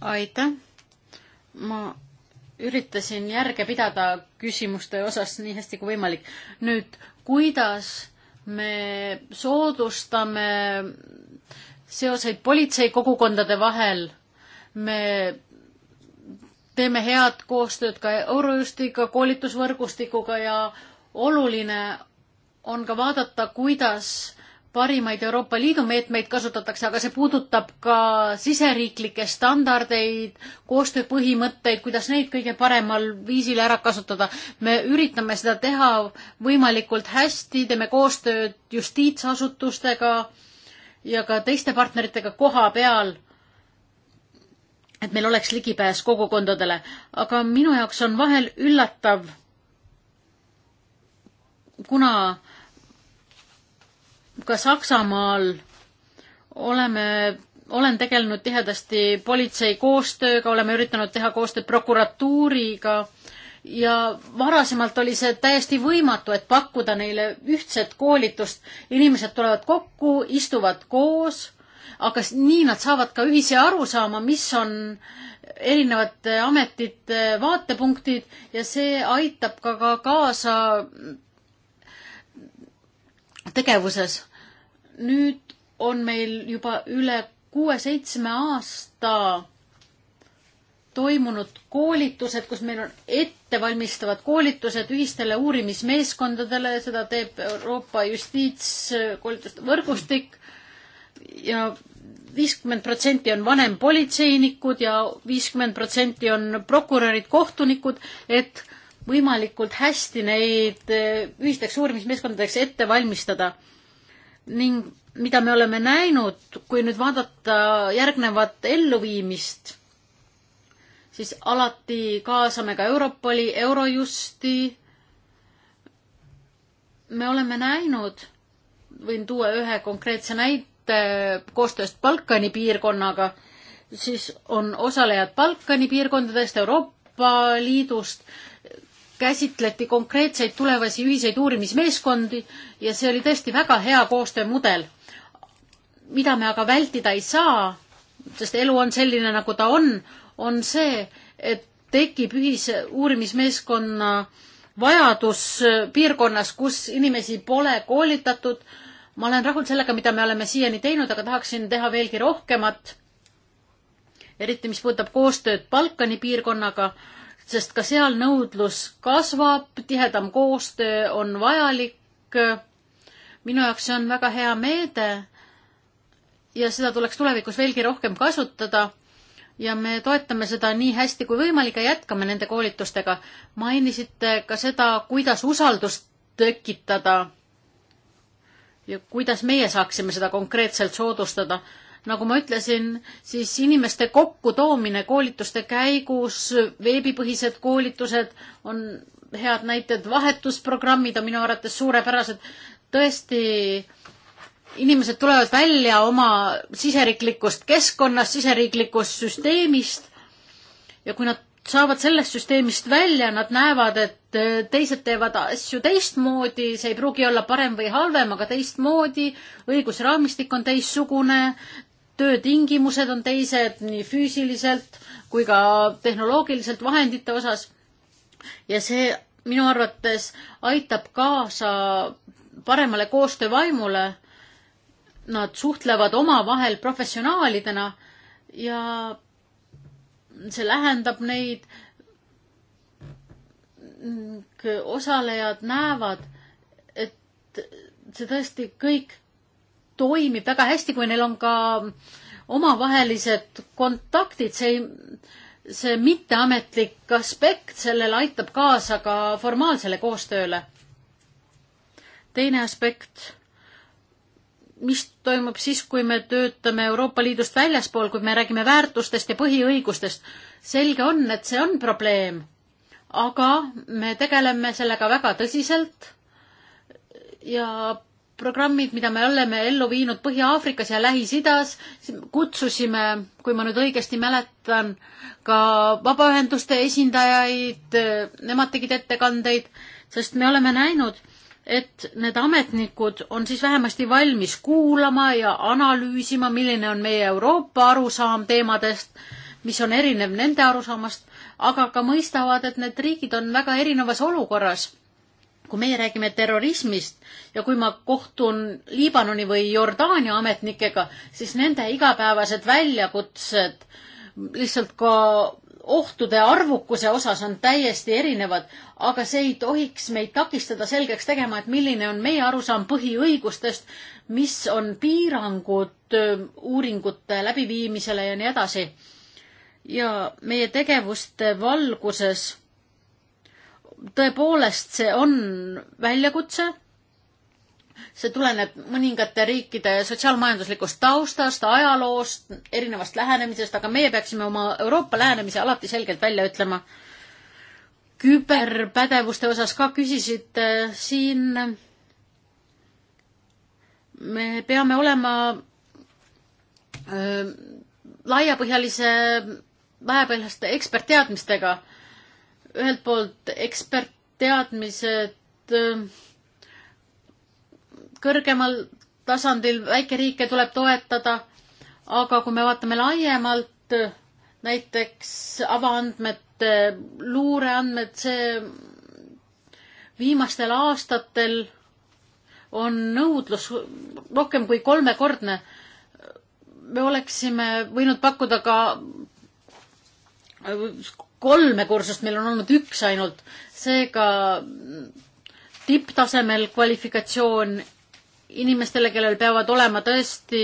aitäh. ma üritasin järge pidada küsimuste osas nii hästi kui võimalik. nüüd, kuidas me soodustame seoseid politseikogukondade vahel. me teeme head koostööd ka Eurojustiga, koolitusvõrgustikuga ja oluline on ka vaadata, kuidas parimaid Euroopa Liidu meetmeid kasutatakse, aga see puudutab ka siseriiklikke standardeid, koostööpõhimõtteid, kuidas neid kõige paremal viisil ära kasutada. me üritame seda teha võimalikult hästi, teeme koostööd justiitsasutustega ja ka teiste partneritega koha peal, et meil oleks ligipääs kogukondadele, aga minu jaoks on vahel üllatav, kuna ka Saksamaal oleme, olen tegelenud tihedasti politsei koostööga, oleme üritanud teha koostööd prokuratuuriga äh, ja varasemalt oli see täiesti võimatu, et pakkuda neile ühtset koolitust. inimesed tulevad kokku, istuvad koos, aga nii nad saavad ka ühise arusaama, mis on erinevate ametite vaatepunktid ja see aitab ka, ka kaasa tegevuses. nüüd on meil juba üle kuue-seitsme aasta toimunud koolitused, kus meil on ettevalmistavad koolitused ühistele uurimismeeskondadele, seda teeb Euroopa justiitskoolituste võrgustik ja viiskümmend protsenti on vanempolitseinikud ja viiskümmend protsenti on prokurörid, kohtunikud, et võimalikult hästi neid eh, ühisteks uurimismeeskondadeks ette valmistada. ning mida me oleme näinud, kui nüüd vaadata järgnevat elluviimist siis alati kaasame ka Europoli, Eurojusti. me oleme näinud, võin tuua ühe konkreetse näite koostööst Balkani piirkonnaga, siis on osalejad Balkani piirkondadest, Euroopa Liidust, käsitleti konkreetseid tulevasi ühiseid uurimismeeskondi ja see oli tõesti väga hea koostöömudel. mida me aga vältida ei saa, sest elu on selline, nagu ta on, on see, et tekib ühise uurimismeeskonna vajadus piirkonnas, kus inimesi pole koolitatud. ma olen rahul sellega, mida me oleme siiani teinud, aga tahaksin teha veelgi rohkemat. eriti, mis puudutab koostööd Balkani piirkonnaga, sest ka seal nõudlus kasvab, tihedam koostöö on vajalik. minu jaoks see on väga hea meede ja seda tuleks tulevikus veelgi rohkem kasutada ja me toetame seda nii hästi kui võimalik ja jätkame nende koolitustega. mainisite ka seda, kuidas usaldust tekitada ja kuidas meie saaksime seda konkreetselt soodustada nagu ma ütlesin, siis inimeste kokkutoomine koolituste käigus, veebipõhised koolitused on head näited, vahetusprogrammid on minu arvates suurepärased. tõesti inimesed tulevad välja oma siseriiklikust keskkonnast, siseriiklikust süsteemist ja kui nad saavad sellest süsteemist välja, nad näevad, et äh, teised teevad asju teistmoodi, see ei pruugi olla parem või halvem, aga teistmoodi, õigusraamistik on teistsugune, töötingimused on teised nii füüsiliselt kui ka tehnoloogiliselt vahendite osas. ja see minu arvates aitab kaasa paremale koostöövaimule nad suhtlevad omavahel professionaalidena ja see lähendab neid. osalejad näevad, et see tõesti kõik toimib väga hästi, kui neil on ka omavahelised kontaktid, see ei, see mitteametlik aspekt, sellele aitab kaasa ka formaalsele koostööle. teine aspekt, mis toimub siis, kui me töötame Euroopa Liidust väljaspool, kui me räägime väärtustest ja põhiõigustest. selge on, et see on probleem, aga me tegeleme sellega väga tõsiselt ja programmid, mida me oleme ellu viinud Põhja-Aafrikas ja Lähis-Idas, kutsusime, kui ma nüüd õigesti mäletan, ka vabaühenduste esindajaid, nemad tegid ettekandeid, sest me oleme näinud, et need ametnikud on siis vähemasti valmis kuulama ja analüüsima, milline on meie Euroopa arusaam teemadest, mis on erinev nende arusaamast, aga ka mõistavad, et need riigid on väga erinevas olukorras. kui meie räägime terrorismist ja kui ma kohtun Liibanoni või Jordaania ametnikega, siis nende igapäevased väljakutsed lihtsalt ka ohtude arvukuse osas on täiesti erinevad, aga see ei tohiks meid takistada selgeks tegema, et milline on meie arusaam põhiõigustest, mis on piirangud uuringute läbiviimisele ja nii edasi. ja meie tegevuste valguses tõepoolest see on väljakutse see tuleneb mõningate riikide sotsiaalmajanduslikust taustast, ajaloost, erinevast lähenemisest, aga meie peaksime oma Euroopa lähenemise alati selgelt välja ütlema. küberpädevuste osas ka küsisite siin. me peame olema öö, laiapõhjalise, laiapõhjaliste ekspertteadmistega. ühelt poolt ekspertteadmised öö, kõrgemal tasandil väikeriike tuleb toetada, aga kui me vaatame laiemalt, eh, näiteks avaandmed, eh, luureandmed, see viimastel aastatel on nõudlus rohkem kui kolmekordne. me oleksime võinud pakkuda ka kolme kursust, meil on olnud üks ainult, seega tipptasemel kvalifikatsioon inimestele, kellel peavad olema tõesti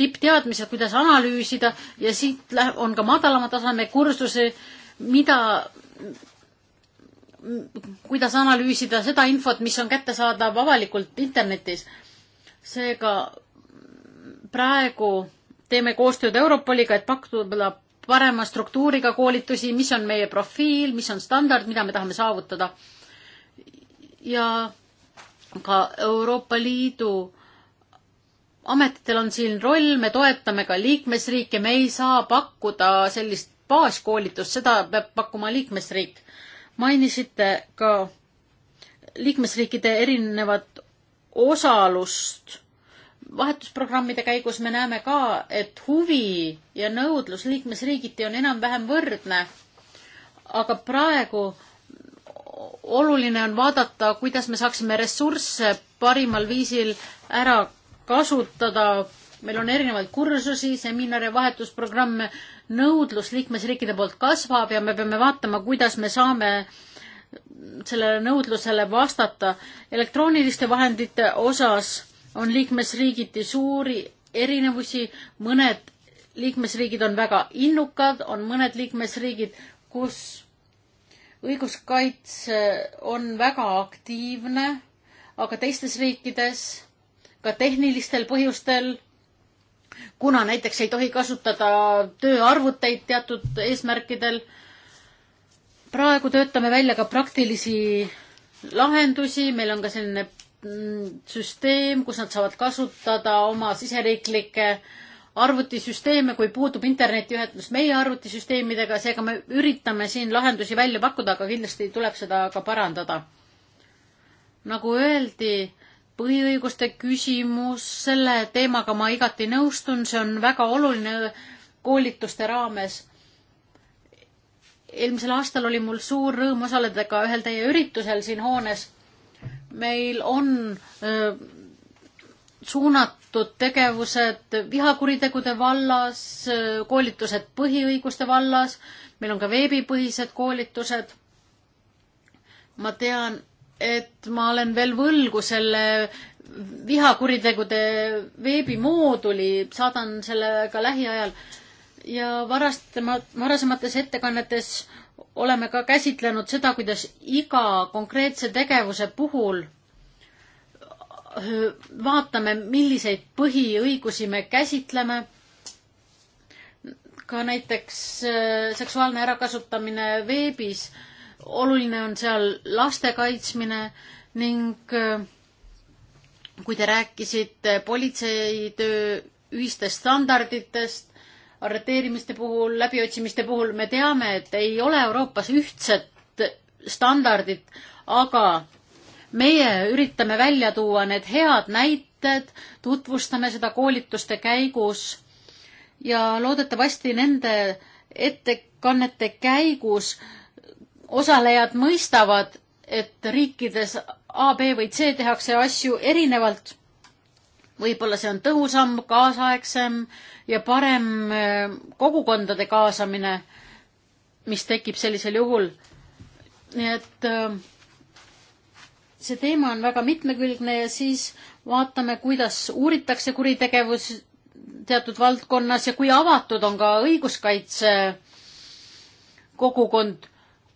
tippteadmised, kuidas analüüsida ja siit on ka madalama taseme kursusi, mida, kuidas analüüsida seda infot, mis on kättesaadav avalikult internetis. seega praegu teeme koostööd Europoliga, et pakkuda parema struktuuriga koolitusi, mis on meie profiil, mis on standard, mida me tahame saavutada. ja ka Euroopa Liidu ametitel on siin roll, me toetame ka liikmesriike, me ei saa pakkuda sellist baaskoolitust, seda peab pakkuma liikmesriik. mainisite ka liikmesriikide erinevat osalust. vahetusprogrammide käigus me näeme ka, et huvi ja nõudlus liikmesriigiti on enam-vähem võrdne. aga praegu oluline on vaadata, kuidas me saaksime ressursse parimal viisil ära kasutada. meil on erinevaid kursusi, seminare, vahetusprogramme, nõudlus liikmesriikide poolt kasvab ja me peame vaatama, kuidas me saame sellele nõudlusele vastata. elektrooniliste vahendite osas on liikmesriigiti suuri erinevusi, mõned liikmesriigid on väga innukad, on mõned liikmesriigid, kus õiguskaitse on väga aktiivne, aga teistes riikides ka tehnilistel põhjustel, kuna näiteks ei tohi kasutada tööarvuteid teatud eesmärkidel. praegu töötame välja ka praktilisi lahendusi, meil on ka selline mm, süsteem, kus nad saavad kasutada oma siseriiklikke äh, arvutisüsteeme, kui puudub internetiühendus meie arvutisüsteemidega, seega me üritame siin lahendusi välja pakkuda, aga kindlasti tuleb seda ka parandada. nagu öeldi, põhiõiguste küsimus, selle teemaga ma igati nõustun, see on väga oluline koolituste raames. eelmisel aastal oli mul suur rõõm osaleda ka ühel teie üritusel siin hoones. meil on öö, suunatud tegevused vihakuritegude vallas, koolitused põhiõiguste vallas, meil on ka veebipõhised koolitused. ma tean, et ma olen veel võlgu selle vihakuritegude veebimooduli, saadan selle ka lähiajal ja varastama, varasemates ettekannetes oleme ka käsitlenud seda, kuidas iga konkreetse tegevuse puhul vaatame, milliseid põhiõigusi me käsitleme. ka näiteks äh, seksuaalne ärakasutamine veebis, oluline on seal laste kaitsmine ning äh, kui te rääkisite politseitöö ühistest standarditest, arreteerimiste puhul, läbiotsimiste puhul, me teame, et ei ole Euroopas ühtset standardit, aga meie üritame välja tuua need head näited, tutvustame seda koolituste käigus ja loodetavasti nende ettekannete käigus osalejad mõistavad, et riikides A, B või C tehakse asju erinevalt. võib-olla see on tõhusam, kaasaegsem ja parem eh, kogukondade kaasamine, mis tekib sellisel juhul. nii et äh, see teema on väga mitmekülgne ja siis vaatame, kuidas uuritakse kuritegevus teatud valdkonnas ja kui avatud on ka õiguskaitse kogukond,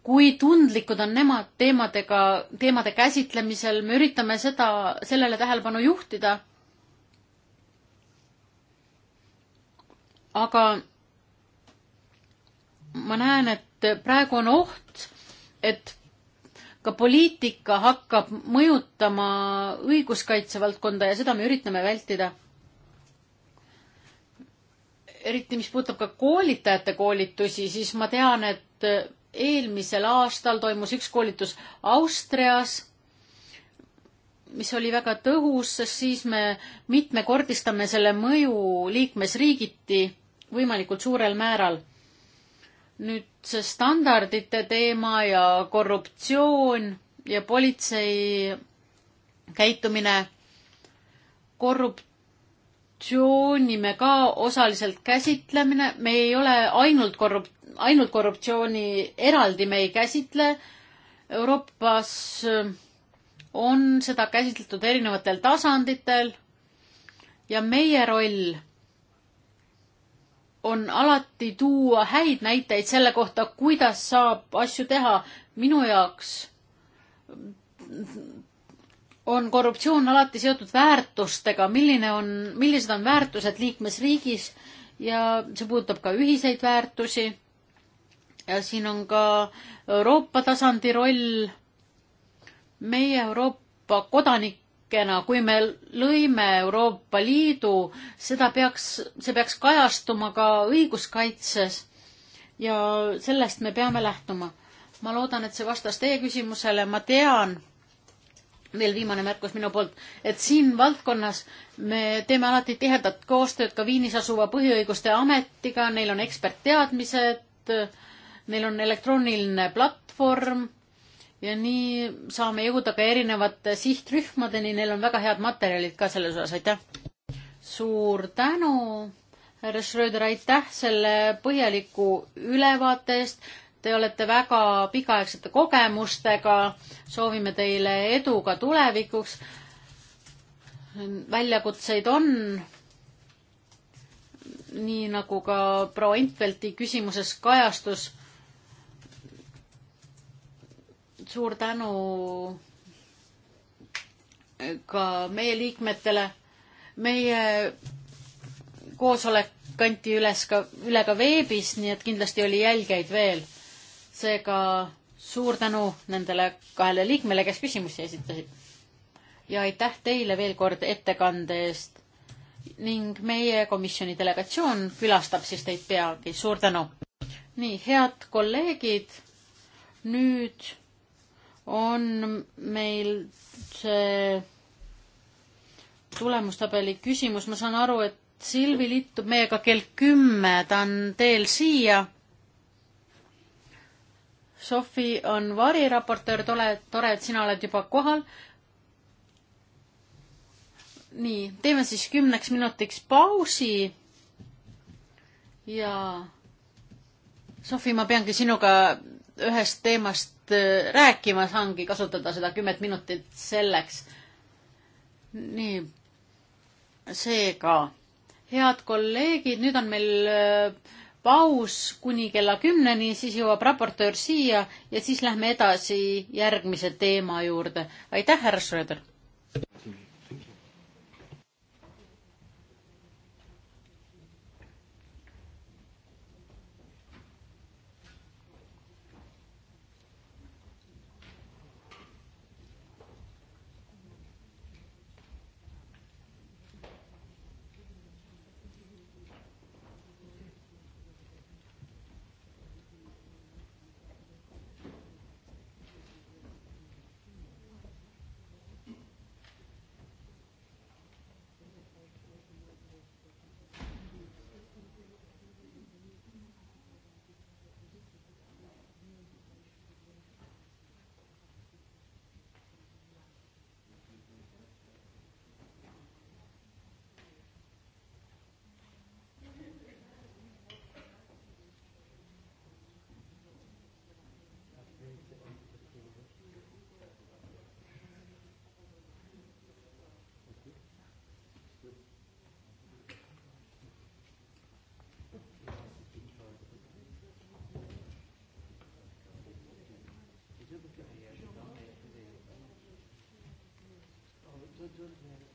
kui tundlikud on nemad teemadega, teemade käsitlemisel, me üritame seda, sellele tähelepanu juhtida. aga ma näen, et praegu on oht, et ka poliitika hakkab mõjutama õiguskaitsevaldkonda ja seda me üritame vältida. eriti, mis puudutab ka koolitajate koolitusi, siis ma tean, et eelmisel aastal toimus üks koolitus Austrias, mis oli väga tõhus, sest siis me mitmekordistame selle mõju liikmesriigiti võimalikult suurel määral nüüd see standardite teema ja korruptsioon ja politsei käitumine. korruptsiooni me ka osaliselt käsitlemine, me ei ole ainult korrup-, ainult korruptsiooni eraldi me ei käsitle. Euroopas on seda käsitletud erinevatel tasanditel ja meie roll on alati tuua häid näiteid selle kohta, kuidas saab asju teha. minu jaoks on korruptsioon alati seotud väärtustega, milline on, millised on väärtused liikmesriigis ja see puudutab ka ühiseid väärtusi. ja siin on ka Euroopa tasandi roll. meie Euroopa kodanik tervikena, kui me lõime Euroopa Liidu, seda peaks, see peaks kajastuma ka õiguskaitses ja sellest me peame lähtuma. ma loodan, et see vastas teie küsimusele, ma tean, veel viimane märkus minu poolt, et siin valdkonnas me teeme alati tihedat koostööd ka Viinis asuva põhiõiguste ametiga, neil on ekspertteadmised, neil on elektrooniline platvorm ja nii saame jõuda ka erinevate sihtrühmadeni, neil on väga head materjalid ka selles osas, aitäh! suur tänu, härra Schröder, aitäh selle põhjaliku ülevaate eest, te olete väga pikaaegsete kogemustega, soovime teile edu ka tulevikuks, väljakutseid on, nii nagu ka proua Intvelti küsimuses kajastus suur tänu ka meie liikmetele. meie koosolek kanti üles ka, üle ka veebis, nii et kindlasti oli jälgeid veel. seega suur tänu nendele kahele liikmele, kes küsimusi esitasid. ja aitäh teile veel kord ettekande eest. ning meie komisjoni delegatsioon külastab siis teid peagi. suur tänu. nii, head kolleegid, nüüd on meil see tulemustabeli küsimus, ma saan aru, et Silvi liitub meiega kell kümme, ta on teel siia. Sofi on variraportöör, tore, tore, et sina oled juba kohal. nii, teeme siis kümneks minutiks pausi. ja Sofi, ma peangi sinuga ühest teemast Äh, rääkima, saangi kasutada seda kümmet minutit selleks. nii, seega, head kolleegid, nüüd on meil äh, paus kuni kella kümneni, siis jõuab raportöör siia ja siis lähme edasi järgmise teema juurde. aitäh, härra Schröder! Jürgen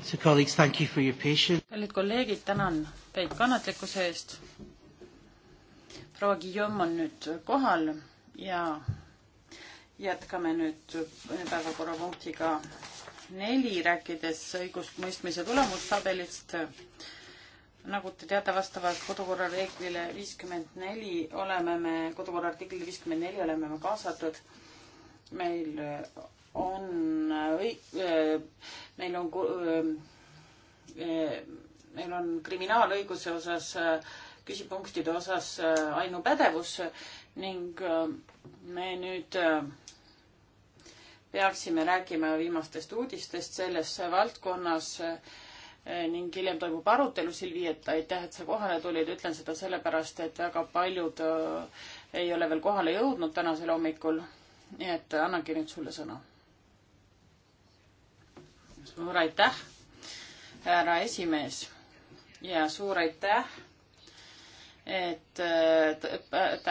kallid kolleegid, tänan teid kannatlikkuse eest. proua Guillaume on nüüd kohal ja jätkame nüüd päevakorrapunktiga neli, rääkides õigusmõistmise tulemustabelist. nagu te teate, vastavalt kodukorra reeglile viiskümmend neli oleme me, kodukorra artiklile viiskümmend neli oleme me kaasatud. meil on õig-, äh, neil on, äh, äh, neil on kriminaalõiguse osas, küsipunktide osas ainupädevus ning me nüüd peaksime rääkima viimastest uudistest selles valdkonnas ning hiljem toimub arutelu, Silvi, et aitäh, et sa kohale tulid, ütlen seda sellepärast, et väga paljud ei ole veel kohale jõudnud tänasel hommikul. nii et annangi nüüd sulle sõna suur aitäh, härra esimees ja suur aitäh, et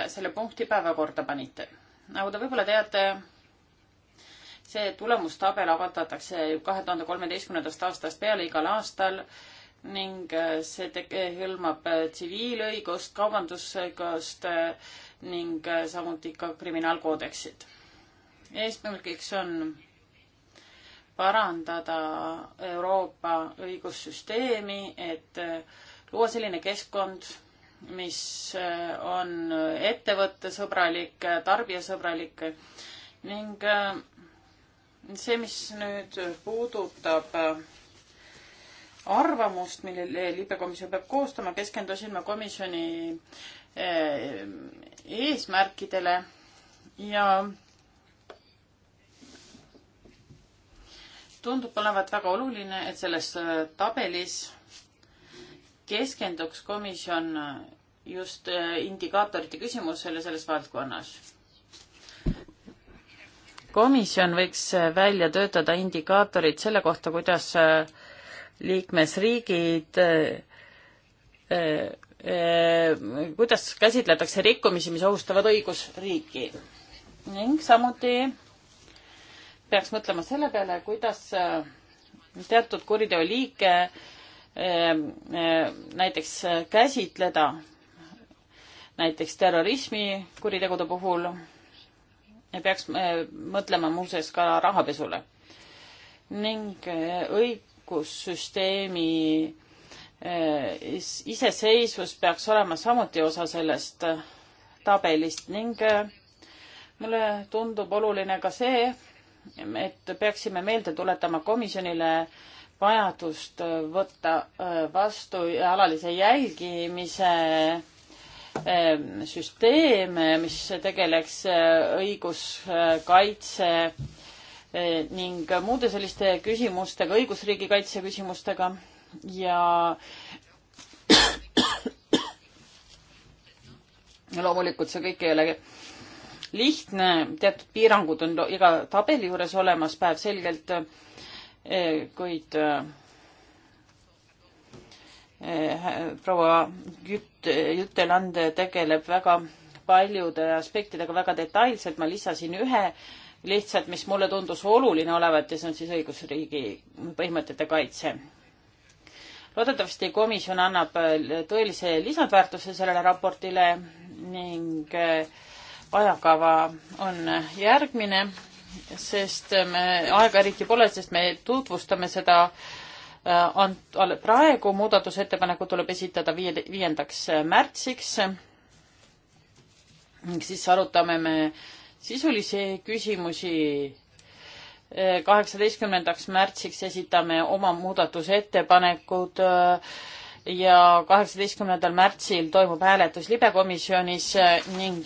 selle punkti päevakorda panite. nagu te võib-olla teate, see tulemustabel avaldatakse kahe tuhande kolmeteistkümnendast aastast peale igal aastal ning äh, see hõlmab äh, tsiviilõigust, kaubandusõigust äh, ning samuti ka kriminaalkoodeksit. eesmärgiks on parandada Euroopa õigussüsteemi, et luua selline keskkond, mis on ettevõttesõbralik, tarbijasõbralik ning äh, see, mis nüüd puudutab äh, arvamust, mille libekomisjon peab koostama, keskendusin ma komisjoni äh, eesmärkidele ja tundub olevat väga oluline, et selles äh, tabelis keskenduks komisjon äh, just äh, indikaatorite küsimusele selles valdkonnas. komisjon võiks välja töötada indikaatorid selle kohta, kuidas liikmesriigid kuidas käsitletakse rikkumisi, mis ohustavad õigusriiki ning samuti peaks mõtlema selle peale, kuidas äh, teatud kuriteoliike äh, äh, näiteks käsitleda, näiteks terrorismi kuritegude puhul peaks mõtlema muuseas ka rahapesule ning õigussüsteemi iseseisvus peaks olema samuti osa sellest tabelist ning mulle tundub oluline ka see, et peaksime meelde tuletama komisjonile vajadust äh, võtta äh, vastu alalise jälgimise ähm, süsteem, mis tegeleks äh, õiguskaitse ning muude selliste küsimustega, õigusriigi kaitse küsimustega ja [coughs] loomulikult see kõik ei ole lihtne, teatud piirangud on iga tabeli juures olemas päevselgelt, eh, kuid eh, eh, proua Jüt-, Jüteland tegeleb väga paljude aspektidega väga detailselt, ma lisasin ühe lihtsalt, mis mulle tundus oluline olevat ja see on siis õigusriigi põhimõtete kaitse. loodetavasti komisjon annab tõelise lisandväärtuse sellele raportile ning äh, ajakava on järgmine, sest me aega eriti pole, sest me tutvustame seda äh, ant-, praegu, muudatusettepanekud tuleb esitada viie, viiendaks märtsiks ning siis arutame me sisulisi küsimusi. Äh, kaheksateistkümnendaks märtsiks esitame oma muudatusettepanekud äh, ja kaheksateistkümnendal märtsil toimub hääletus libekomisjonis ning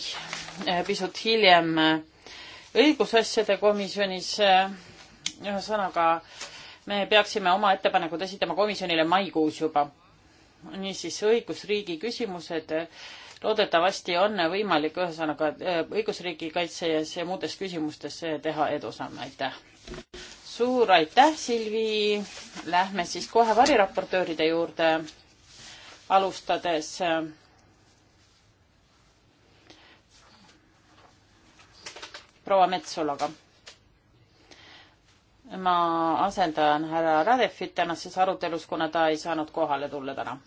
Äh, pisut hiljem äh, õigusasjade komisjonis. Äh, ühesõnaga, me peaksime oma ettepanekud esitama komisjonile maikuus juba. niisiis õigusriigi küsimused loodetavasti on võimalik ühesõnaga õigusriigi kaitses ja muudes küsimustes teha edusamme, aitäh. suur aitäh, Silvi. Lähme siis kohe variraportööride juurde, alustades proua Metsolaga. ma asendan härra Radefit tänases arutelus, kuna ta ei saanud kohale tulla täna.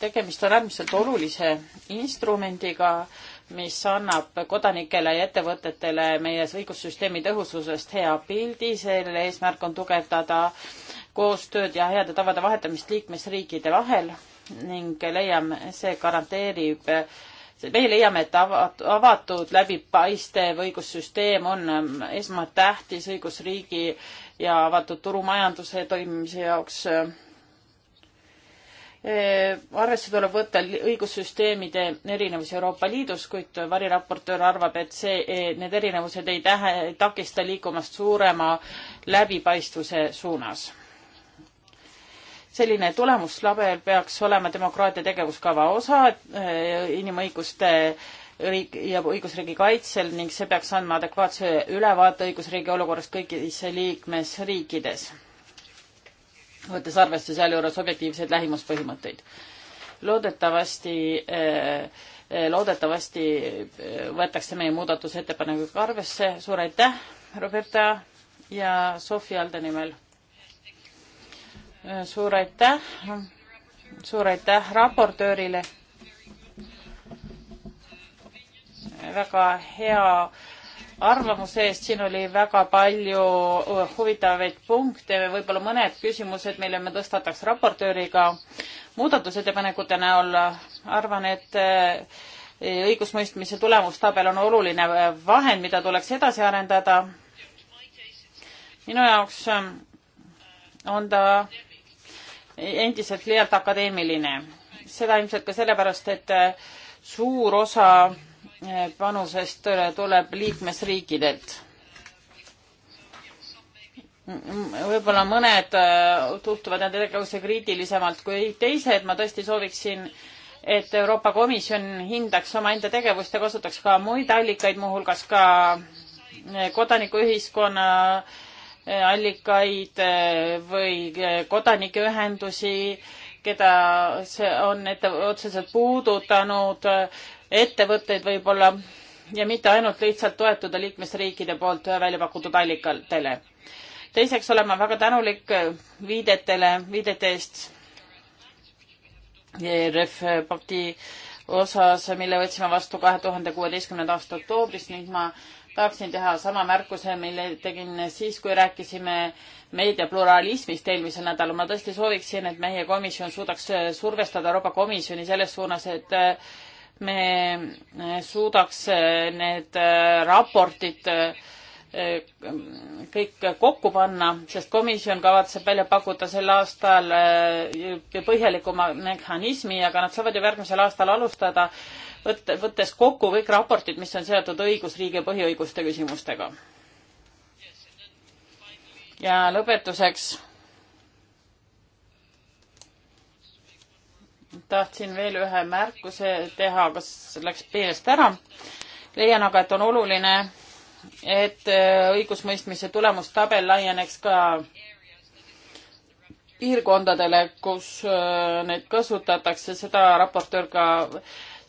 tegemist on äärmiselt olulise instrumendiga, mis annab kodanikele ja ettevõtetele meie õigussüsteemi tõhususest hea pildi. selle eesmärk on tugevdada koostööd ja heade tavade vahetamist liikmesriikide vahel ning leiame, see garanteerib meie leiame, et avatud läbipaistev õigussüsteem on ähm, esmatähtis õigusriigi ja avatud turumajanduse toimimise jaoks. Äh, äh, arvesse tuleb võtta õigussüsteemide erinevusi Euroopa Liidus, kuid variraportöör arvab, et see, eh, need erinevused ei tähe, ei takista liikumast suurema läbipaistvuse suunas selline tulemuslabel peaks olema demokraatia tegevuskava osa eh, inimõiguste riik ja õigusriigi kaitsel ning see peaks andma adekvaatse ülevaate õigusriigi olukorrast kõikides liikmesriikides, võttes arvesse sealjuures objektiivseid lähimuspõhimõtteid. loodetavasti eh, loodetavasti võetakse meie muudatusettepanekuga arvesse, suur aitäh, Roberta ja Sofi Alde nimel suur aitäh, suur aitäh raportöörile. väga hea arvamuse eest, siin oli väga palju huvitavaid punkte, võib-olla mõned küsimused, mille me tõstataks raportööriga muudatusettepanekute näol. arvan, et eh, õigusmõistmise tulemustabel on oluline vahend, mida tuleks edasi arendada. minu jaoks on ta endiselt liialt akadeemiline. seda ilmselt ka sellepärast, et eh, suur osa eh, panusest tuleb liikmesriikidelt. võib-olla mõned eh, tutvuvad nende tegevuse kriitilisemalt kui teised, ma tõesti sooviksin et Euroopa Komisjon hindaks omaenda tegevust ja kasutaks ka muid allikaid, muuhulgas ka kodanikuühiskonna äh, allikaid eh, või eh, kodanikeühendusi, keda see on ette, otseselt puudutanud, eh, ettevõtteid võib-olla ja mitte ainult lihtsalt toetuda liikmesriikide poolt välja pakutud allikatele. teiseks olen ma väga tänulik viidetele, viidete eest ERF pakti osas, mille võtsime vastu kahe tuhande kuueteistkümnenda aasta oktoobris ning ma tahaksin teha sama märkuse, mille tegin siis, kui rääkisime meediapluralismist eelmisel nädalal. ma tõesti sooviksin, et meie komisjon suudaks survestada Euroopa Komisjoni selles suunas, et me suudaks need raportid kõik kokku panna, sest komisjon kavatseb välja pakkuda sel aastal põhjalikuma mehhanismi, aga nad saavad ju järgmisel aastal alustada võt-, võttes kokku kõik raportid, mis on seotud õigusriigi põhiõiguste küsimustega. ja lõpetuseks tahtsin veel ühe märkuse teha, kas läks piirest ära. leian aga, et on oluline, et õigusmõistmise tulemustabel laieneks ka piirkondadele, kus äh, neid kasutatakse, seda raportöör ka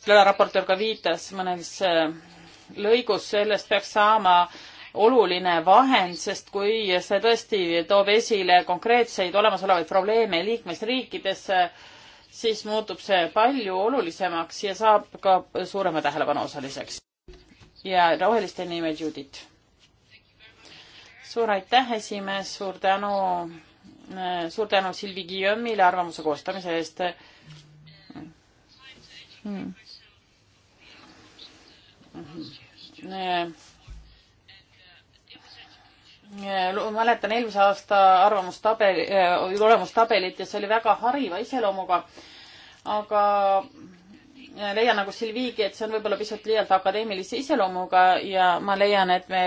sellele raportöör ka viitas mõnes äh, lõigus, sellest peaks saama oluline vahend, sest kui see tõesti toob esile konkreetseid olemasolevaid probleeme liikmesriikides, siis muutub see palju olulisemaks ja saab ka suurema tähelepanu osaliseks. ja roheliste nimel Judith. suur aitäh, esimees, suur tänu, äh, suur tänu Silvi Guillaume'ile arvamuse koostamise eest hmm Mhm. mäletan eelmise aasta arvamustabeli, olemustabelit äh, ja see oli väga hariva iseloomuga, aga leian nagu Silvigi, et see on võib-olla pisut liialt akadeemilise iseloomuga ja ma leian, et me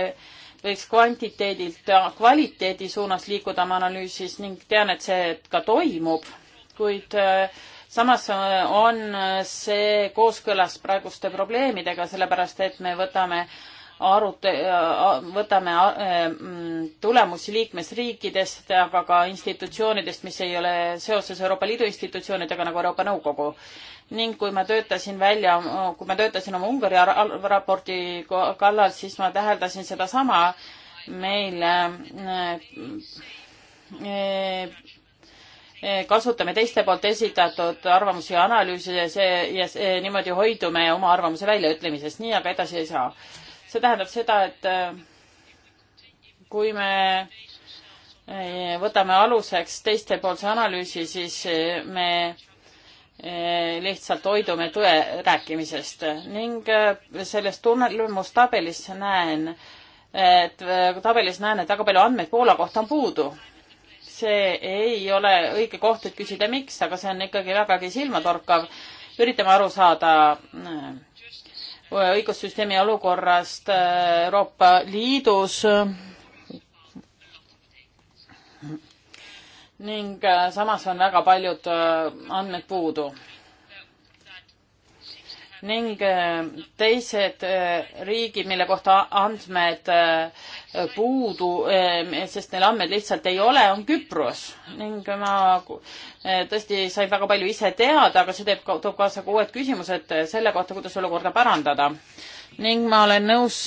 võiks kvantiteedilt kvaliteedi suunas liikuda oma analüüsis ning tean, et see ka toimub, kuid äh, samas äh, on äh, see kooskõlas praeguste probleemidega, sellepärast et me võtame arut-, äh, võtame mm, tulemusi liikmesriikidest, aga ka institutsioonidest, mis ei ole seoses Euroopa Liidu institutsioonidega nagu Euroopa Nõukogu. ning kui ma töötasin välja, kui ma töötasin oma Ungari raporti kallal, siis ma täheldasin sedasama meil äh, äh, kasutame teiste poolt esitatud arvamusi ja analüüse ja see ja see, niimoodi hoidume oma arvamuse väljaütlemisest, nii aga edasi ei saa. see tähendab seda, et äh, kui me äh, võtame aluseks teistepoolse analüüsi, siis äh, me lihtsalt hoidume tõe rääkimisest ning selles tunnemustabelisse näen, et tabelis näen, et väga palju andmeid Poola kohta on puudu see ei ole õige koht, et küsida, miks, aga see on ikkagi vägagi silmatorkav. üritame aru saada äh, õigussüsteemi olukorrast äh, Euroopa Liidus ning äh, samas on väga paljud andmed puudu ning äh, teised äh, riigid, mille kohta andmed äh, puudu, sest neil andmeid lihtsalt ei ole, on Küpros ning ma tõesti sain väga palju ise teada, aga see teeb, toob kaasa ka uued küsimused selle kohta, kuidas olukorda parandada. ning ma olen nõus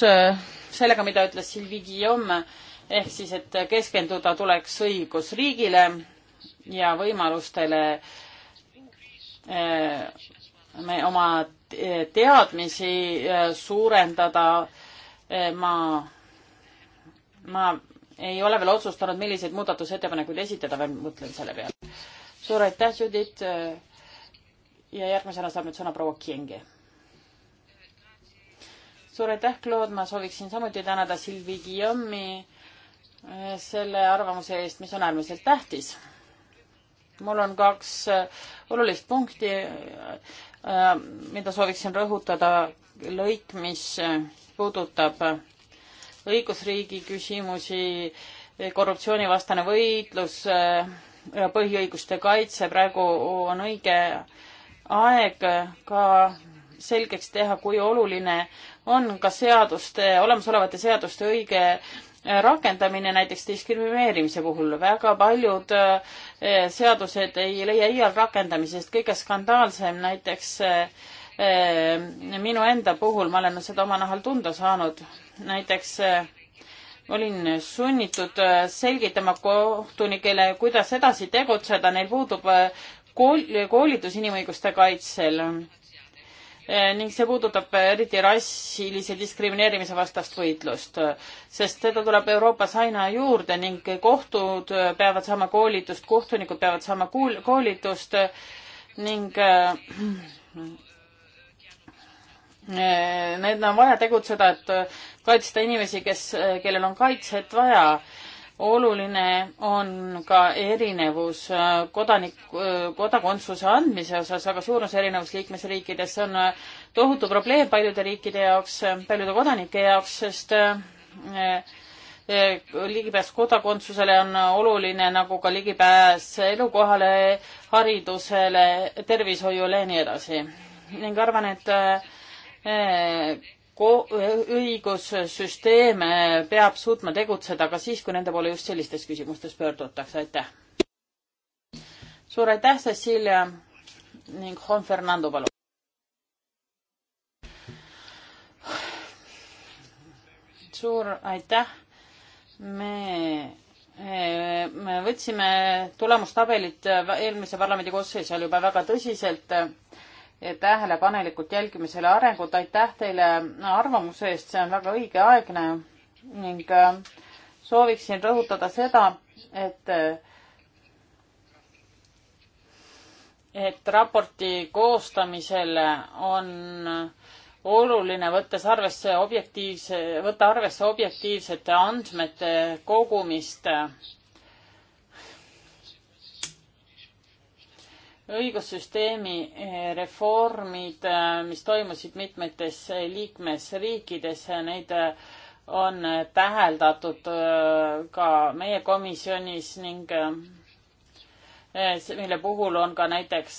sellega, mida ütles Sylvie Guillaume, ehk siis, et keskenduda tuleks õigusriigile ja võimalustele me oma teadmisi äh, suurendada. Äh, ma, ma ei ole veel otsustanud, milliseid muudatusettepanekuid esitada, veel mõtlen selle peale. suur aitäh, Judith. Äh, ja järgmisena saab nüüd sõna proua Kienge. suur aitäh, Claude, ma sooviksin samuti tänada Silvi Guillaume'i selle arvamuse eest, mis on äärmiselt tähtis mul on kaks olulist punkti. Äh, mida sooviksin rõhutada, lõik, mis äh, puudutab äh, õigusriigi küsimusi, korruptsioonivastane võitlus, põhiõiguste kaitse, praegu on õige aeg ka selgeks teha, kui oluline on ka seaduste, olemasolevate seaduste õige rakendamine näiteks diskrimineerimise puhul. väga paljud eh, seadused ei leia iial rakendamisest. kõige skandaalsem näiteks eh, minu enda puhul, ma olen seda oma nahal tunda saanud, näiteks eh, olin sunnitud selgitama kohtunikele, kuidas edasi tegutseda, neil puudub kool, koolitus inimõiguste kaitsel Eh, ning see puudutab eriti rassilise diskrimineerimise vastast võitlust, sest seda tuleb Euroopas aina juurde ning kohtud peavad saama koolitust, kohtunikud peavad saama kuul-, koolitust ning eh, eh, need on vaja tegutseda, et kaitsta inimesi, kes, kellel on kaitset vaja oluline on ka erinevus äh, kodanik, äh, kodakondsuse andmise osas, väga suur on see erinevus liikmesriikides, see on äh, tohutu probleem paljude riikide jaoks, paljude kodanike jaoks, sest ligipääs kodakondsusele on oluline nagu ka ligipääs elukohale, haridusele, tervishoiule ja nii edasi. ning arvan, et õigussüsteem peab suutma tegutseda ka siis, kui nende poole just sellistes küsimustes pöördutakse, aitäh. suur aitäh, Cecilia ning Juan Fernando, palun. suur aitäh. me, me võtsime tulemustabelid eelmise parlamendi koosseisu ajal juba väga tõsiselt tähelepanelikult jälgime selle arengut. aitäh teile arvamuse eest, see on väga õigeaegne ning äh, sooviksin rõhutada seda, et äh, et raporti koostamisel on oluline, võttes arvesse objektiivse, võtta arvesse objektiivsete andmete kogumist õigussüsteemi eh, reformid, eh, mis toimusid mitmetes eh, liikmesriikides, neid on täheldatud ka meie komisjonis ning mille puhul on ka näiteks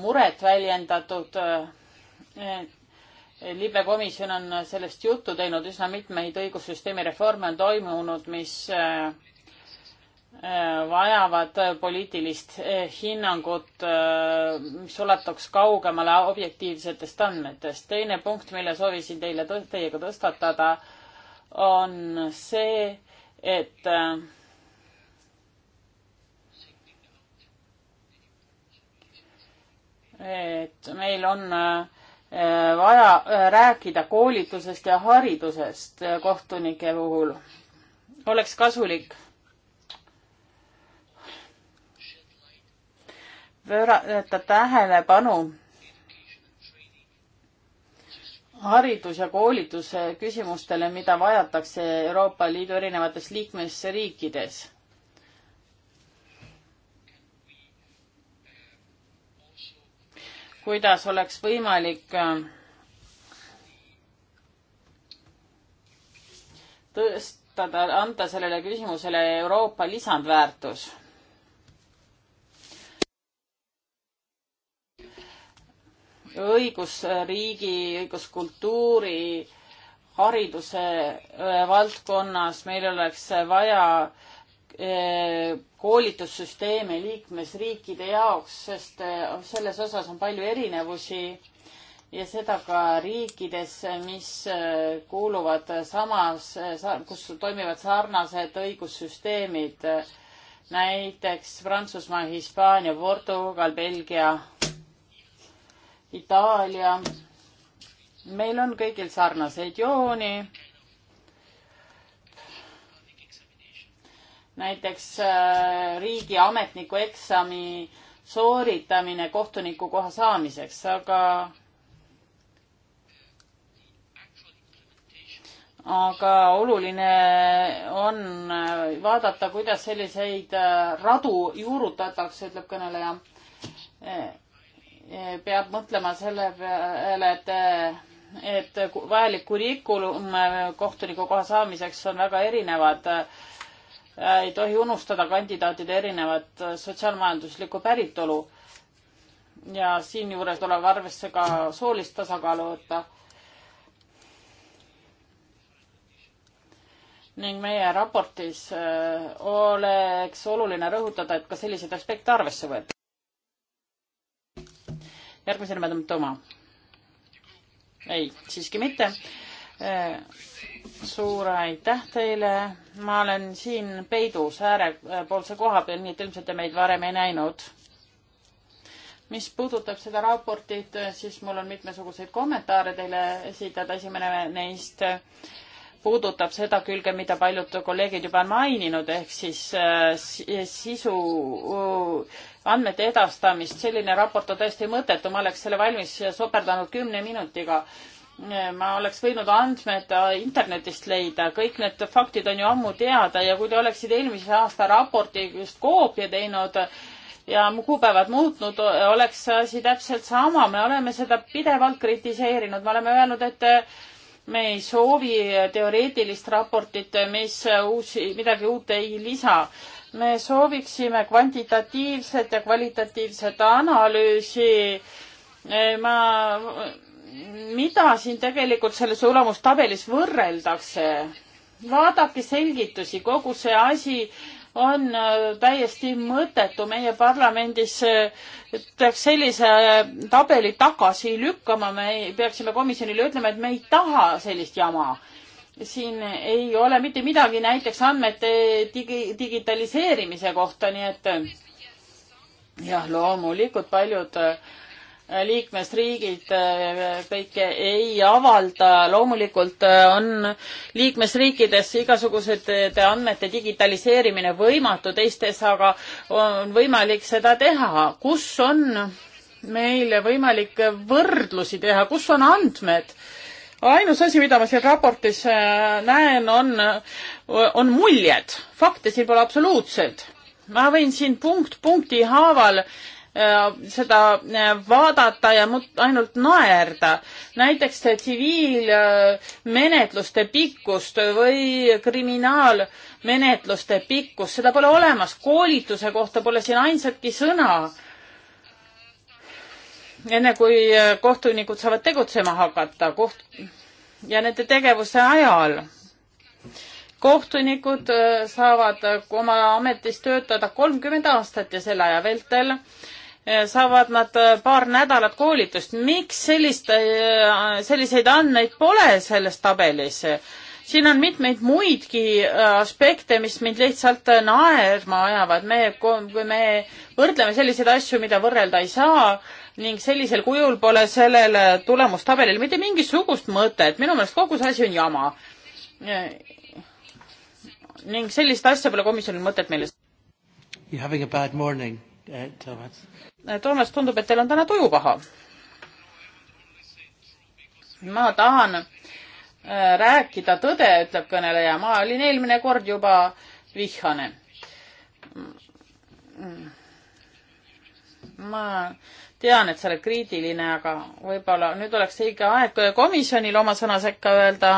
muret väljendatud. libekomisjon on sellest juttu teinud, üsna mitmeid õigussüsteemi reforme on toimunud, mis vajavad poliitilist eh, hinnangut, eh, mis ulatuks kaugemale objektiivsetest andmetest. teine punkt, mille soovisin teile, teiega tõstatada, on see, et et meil on eh, vaja rääkida koolitusest ja haridusest kohtunike puhul. oleks kasulik pöörata tähelepanu haridus- ja koolituse küsimustele, mida vajatakse Euroopa Liidu erinevates liikmesriikides kuidas oleks võimalik äh, tõstada, anda sellele küsimusele Euroopa lisandväärtus. õigusriigi, õiguskultuuri, hariduse äh, valdkonnas meil oleks vaja äh, koolitussüsteeme liikmesriikide jaoks, sest äh, selles osas on palju erinevusi ja seda ka riikides, mis kuuluvad samas, kus toimivad sarnased õigussüsteemid. näiteks Prantsusmaa, Hispaania, Portugal, Belgia Itaalia. meil on kõigil sarnaseid jooni. näiteks äh, riigiametniku eksami sooritamine kohtuniku koha saamiseks, aga aga oluline on äh, vaadata, kuidas selliseid äh, radu juurutatakse, ütleb kõneleja peab mõtlema selle peale, et et vajalik kurikulum äh, kohtuniku koha saamiseks on väga erinevad. Äh, ei tohi unustada kandidaatide erinevat äh, sotsiaalmajanduslikku päritolu. ja siinjuures tuleb arvesse ka soolist tasakaalu võtta. ning meie raportis oleks oluline rõhutada, et ka selliseid aspekte arvesse võetakse järgmisena madam Toma. ei, siiski mitte. Äh, suur aitäh teile. ma olen siin peidus äärepoolse koha peal, nii et ilmselt te meid varem ei näinud. mis puudutab seda raportit, siis mul on mitmesuguseid kommentaare teile esitada. esimene neist äh, puudutab seda külge, mida paljud kolleegid juba on maininud, ehk siis äh, sisu äh, andmete edastamist. selline raport on täiesti mõttetu, ma oleks selle valmis soperdanud kümne minutiga. Äh, ma oleks võinud andmed internetist leida, kõik need faktid on ju ammu teada ja kui te oleksite eelmise aasta raporti just koopia teinud, ja mu kuupäevad muutnud, oleks asi täpselt sama, me oleme seda pidevalt kritiseerinud, me oleme öelnud, et me ei soovi teoreetilist raportit, mis uusi, midagi uut ei lisa. me sooviksime kvantitatiivset ja kvalitatiivset analüüsi. ma, mida siin tegelikult selles ulamustabelis võrreldakse? vaadake selgitusi, kogu see asi on äh, täiesti mõttetu. meie parlamendis äh, peaks sellise äh, tabeli tagasi lükkama, me peaksime komisjonile ütlema, et me ei taha sellist jama siin ei ole mitte midagi näiteks andmete digi-, digitaliseerimise kohta, nii et jah, loomulikult paljud äh, liikmesriigid äh, kõike ei avalda. loomulikult äh, on liikmesriikides igasugused äh, andmete digitaliseerimine võimatu, teistes aga on võimalik seda teha. kus on meil võimalik võrdlusi teha, kus on andmed? ainus asi, mida ma siin raportis näen, on, on muljed. fakte siin pole absoluutselt. ma võin siin punkt punkti haaval äh, Äh, seda äh, vaadata ja ainult naerda. näiteks tsiviilmenetluste pikkust või kriminaalmenetluste pikkust, seda pole olemas, koolituse kohta pole siin ainsatki sõna. enne kui äh, kohtunikud saavad tegutsema hakata, koht- ja nende tegevuse ajal kohtunikud saavad oma ametis töötada kolmkümmend aastat ja selle aja vältel äh, Eh, saavad nad eh, paar nädalat koolitust. miks sellist, eh, selliseid andmeid pole selles tabelis? siin on mitmeid muidki aspekte, mis mind lihtsalt naerma ajavad. me, kui me võrdleme selliseid asju, mida võrrelda ei saa ning sellisel kujul pole sellel tulemustabelil mitte mingisugust mõtet. minu meelest kogu see asi on jama. ning sellist asja pole komisjonil mõtet meile. You having a bad morning uh,, Thomas? Toomas, tundub, et teil on täna tuju paha. ma tahan äh, rääkida tõde, ütleb kõneleja, ma olin eelmine kord juba vihane. ma tean, et sa oled kriitiline, aga võib-olla nüüd oleks õige aeg komisjonil oma sõna sekka öelda.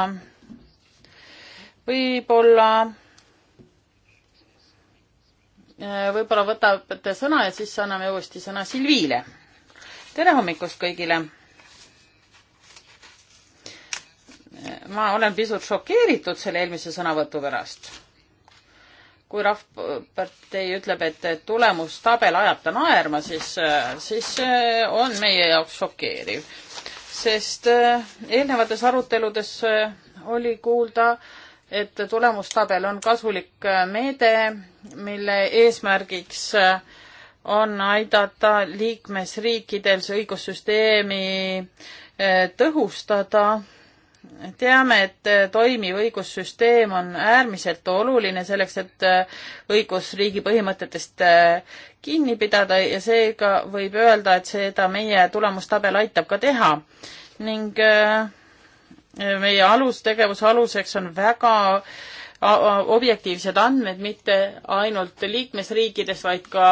võib-olla Äh, võib-olla võtate sõna ja siis anname uuesti sõna Silviile. tere hommikust kõigile! Äh, ma olen pisut šokeeritud selle eelmise sõnavõtu pärast. kui Rahvapartei ütleb, et tulemustabel ajab ta naerma, siis, äh, siis on meie jaoks šokeeriv. sest eelnevates aruteludes oli kuulda äh, et tulemustabel on kasulik meede, mille eesmärgiks on aidata liikmesriikidel see õigussüsteemi eh, tõhustada. teame, et eh, toimiv õigussüsteem on äärmiselt oluline selleks, et eh, õigusriigi põhimõtetest kinni pidada ja seega võib öelda, et seda meie tulemustabel aitab ka teha ning äh, meie alustegevuse aluseks on väga objektiivsed andmed mitte ainult liikmesriikides, vaid ka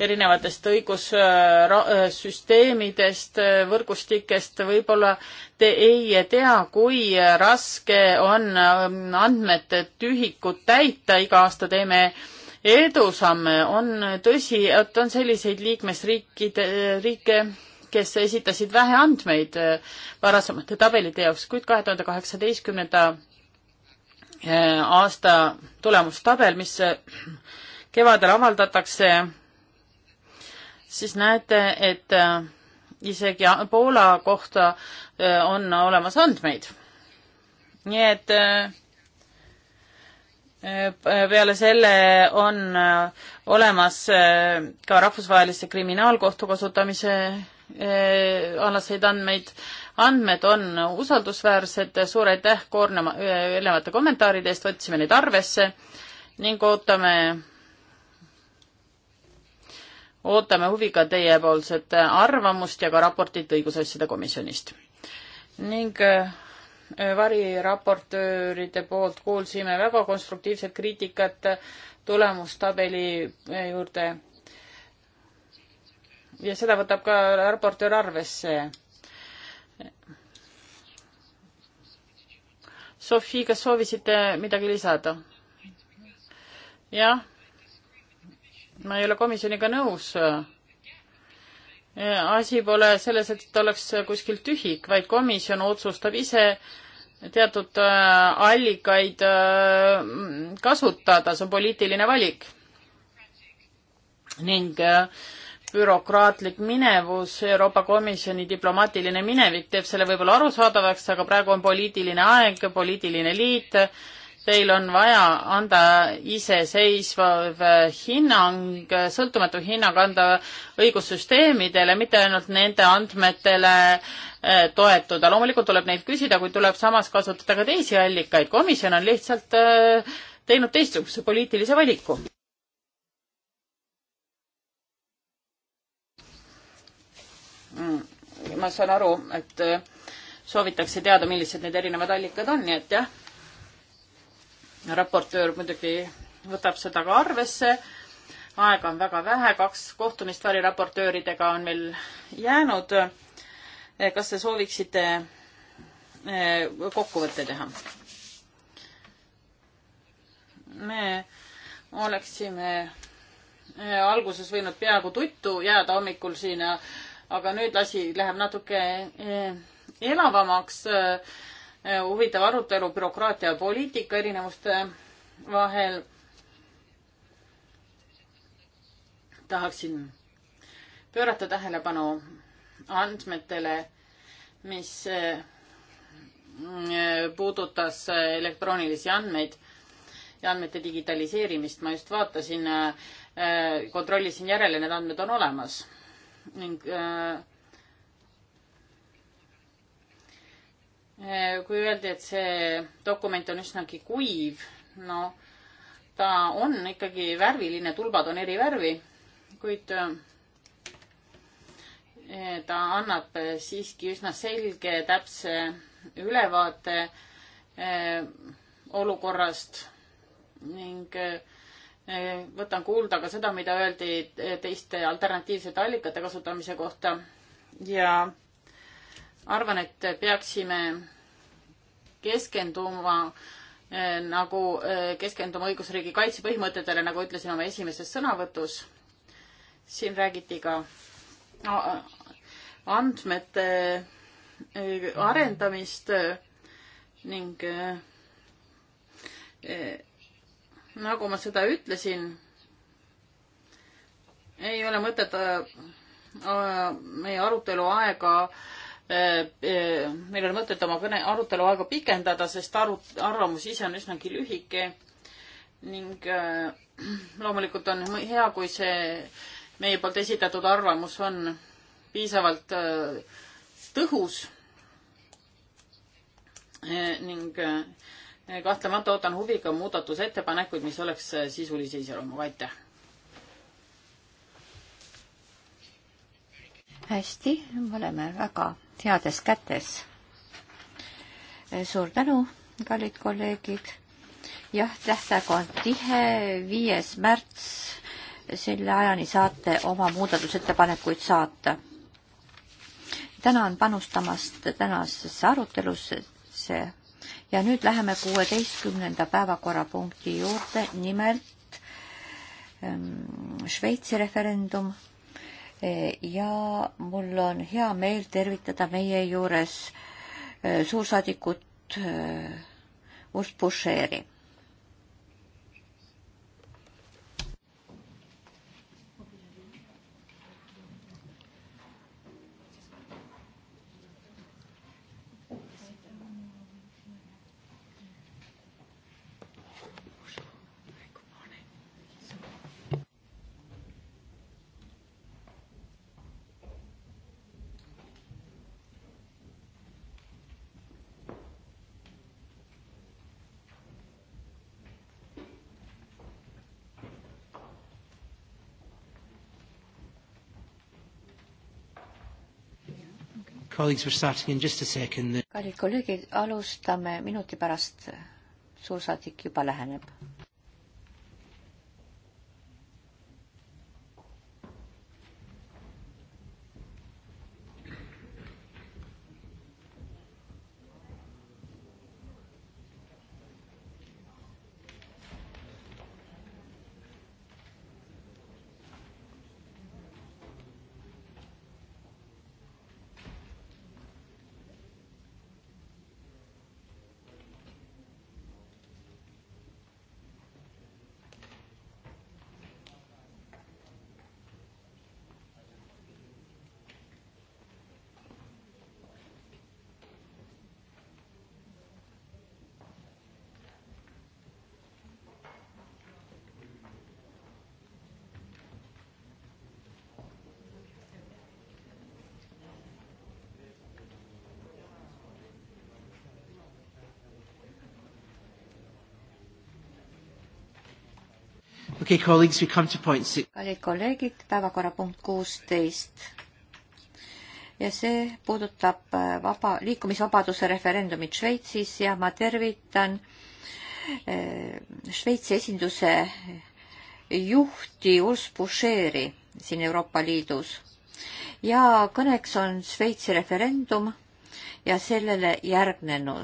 erinevatest õigussüsteemidest, võrgustikest. võib-olla te ei tea, kui raske on ähm, andmete tühikut täita, iga aasta teeme edusamme. on tõsi, et on selliseid liikmesriikide, riike, kes esitasid vähe andmeid äh, varasemate tabelite jaoks, kuid kahe tuhande kaheksateistkümnenda äh, aasta tulemustabel, mis äh, kevadel avaldatakse, siis näete, et isegi Poola kohta on olemas andmeid. nii et peale selle on olemas ka rahvusvahelise kriminaalkohtu kasutamise alaseid andmeid. andmed on usaldusväärsed, suur aitäh koornema, erinevate kommentaaride eest, võtsime neid arvesse ning ootame, ootame huviga teiepoolset arvamust ja ka raportit õigusasjade komisjonist. ning äh, variraportööride poolt kuulsime väga konstruktiivset kriitikat tulemustabeli äh, juurde ja seda võtab ka raportöör arvesse. Sofi, kas soovisite midagi lisada? jah, ma ei ole komisjoniga nõus. asi pole selles, et oleks kuskil tühik, vaid komisjon otsustab ise teatud äh, allikaid äh, kasutada, see on poliitiline valik. ning äh, bürokraatlik minevus, Euroopa Komisjoni diplomaatiline minevik teeb selle võib-olla arusaadavaks, aga praegu on poliitiline aeg, poliitiline liit, teil on vaja anda iseseisvav hinnang, sõltumatu hinnang anda õigussüsteemidele, mitte ainult nende andmetele eh, toetuda. loomulikult tuleb neid küsida, kuid tuleb samas kasutada ka teisi allikaid. komisjon on lihtsalt eh, teinud teistsuguse poliitilise valiku. Mm, ma saan aru, et äh, soovitakse teada, millised need erinevad allikad on, nii et jah, raportöör muidugi võtab seda ka arvesse, aega on väga vähe, kaks kohtumist variraportööridega on meil jäänud. Äh, kas te sooviksite äh, kokkuvõtte teha? me oleksime alguses võinud peaaegu tuttu jääda hommikul siin ja aga nüüd asi läheb natuke eh, elavamaks. Eh, eh, huvitav arutelu bürokraatia ja poliitika erinevuste vahel. tahaksin pöörata tähelepanu andmetele, mis puudutas elektroonilisi andmeid ja andmete digitaliseerimist. ma just vaatasin, kontrollisin järele, need andmed on olemas ning äh, äh, kui öeldi, et see dokument on üsnagi kuiv, no ta on ikkagi värviline, tulbad on eri värvi, kuid äh, ta annab siiski üsna selge, täpse ülevaate olukorrast ning äh, võtan kuulda ka seda, mida öeldi teiste alternatiivsete allikate kasutamise kohta ja arvan, et peaksime keskenduma eh, nagu eh, keskenduma õigusriigi kaitsepõhimõtetele, nagu ütlesin oma esimeses sõnavõtus. siin räägiti ka andmete eh, arendamist ning nagu ma seda ütlesin, ei ole mõtet äh, meie arutelu aega äh, äh, meil oli mõtet oma kõne arutelu aega pikendada, sest arut-, arvamus ise on üsnagi lühike ning loomulikult on hea, kui see meie poolt esitatud arvamus on piisavalt tõhus ning kahtlemata ootan huviga muudatusettepanekuid, mis oleks sisulise iseloomuga, aitäh. hästi, me oleme väga heades kätes. suur tänu, kallid kolleegid. jah, tähtaeg on tihe, viies märts. selle ajani saate oma muudatusettepanekuid saata. tänan panustamast tänasesse arutelusse ja nüüd läheme kuueteistkümnenda päevakorrapunkti juurde, nimelt ähm, Šveitsi referendum. E, ja mul on hea meel tervitada meie juures e, suursaadikut e, Urs Buscheri kallid kolleegid, alustame minuti pärast, suursaadik juba läheneb. Okay, colleagues, we come to point six. kallid kolleegid, päevakorrapunkt kuusteist ja see puudutab äh, vaba, liikumisvabaduse referendumit Šveitsis ja ma tervitan äh, Šveitsi esinduse juhti Urs Buscheri siin Euroopa Liidus. ja kõneks on Šveitsi referendum ja sellele järgnenu.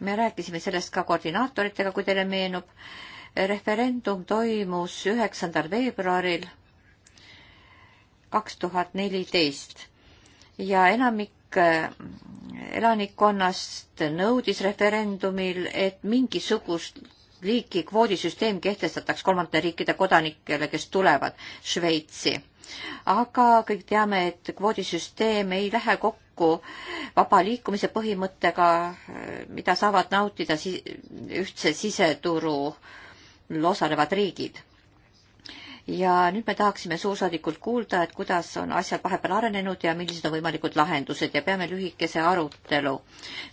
me rääkisime sellest ka koordinaatoritega, kui teile meenub referendum toimus üheksandal veebruaril kaks tuhat neliteist ja enamik äh, elanikkonnast nõudis referendumil, et mingisugust liiki kvoodisüsteem kehtestataks kolmandate riikide kodanikele, kes tulevad Šveitsi. aga kõik teame, et kvoodisüsteem ei lähe kokku vaba liikumise põhimõttega, äh, mida saavad nautida si ühtse siseturu äh, osalevad riigid ja nüüd me tahaksime suursaadikult kuulda, et kuidas on asjad vahepeal arenenud ja millised on võimalikud lahendused ja peame lühikese arutelu.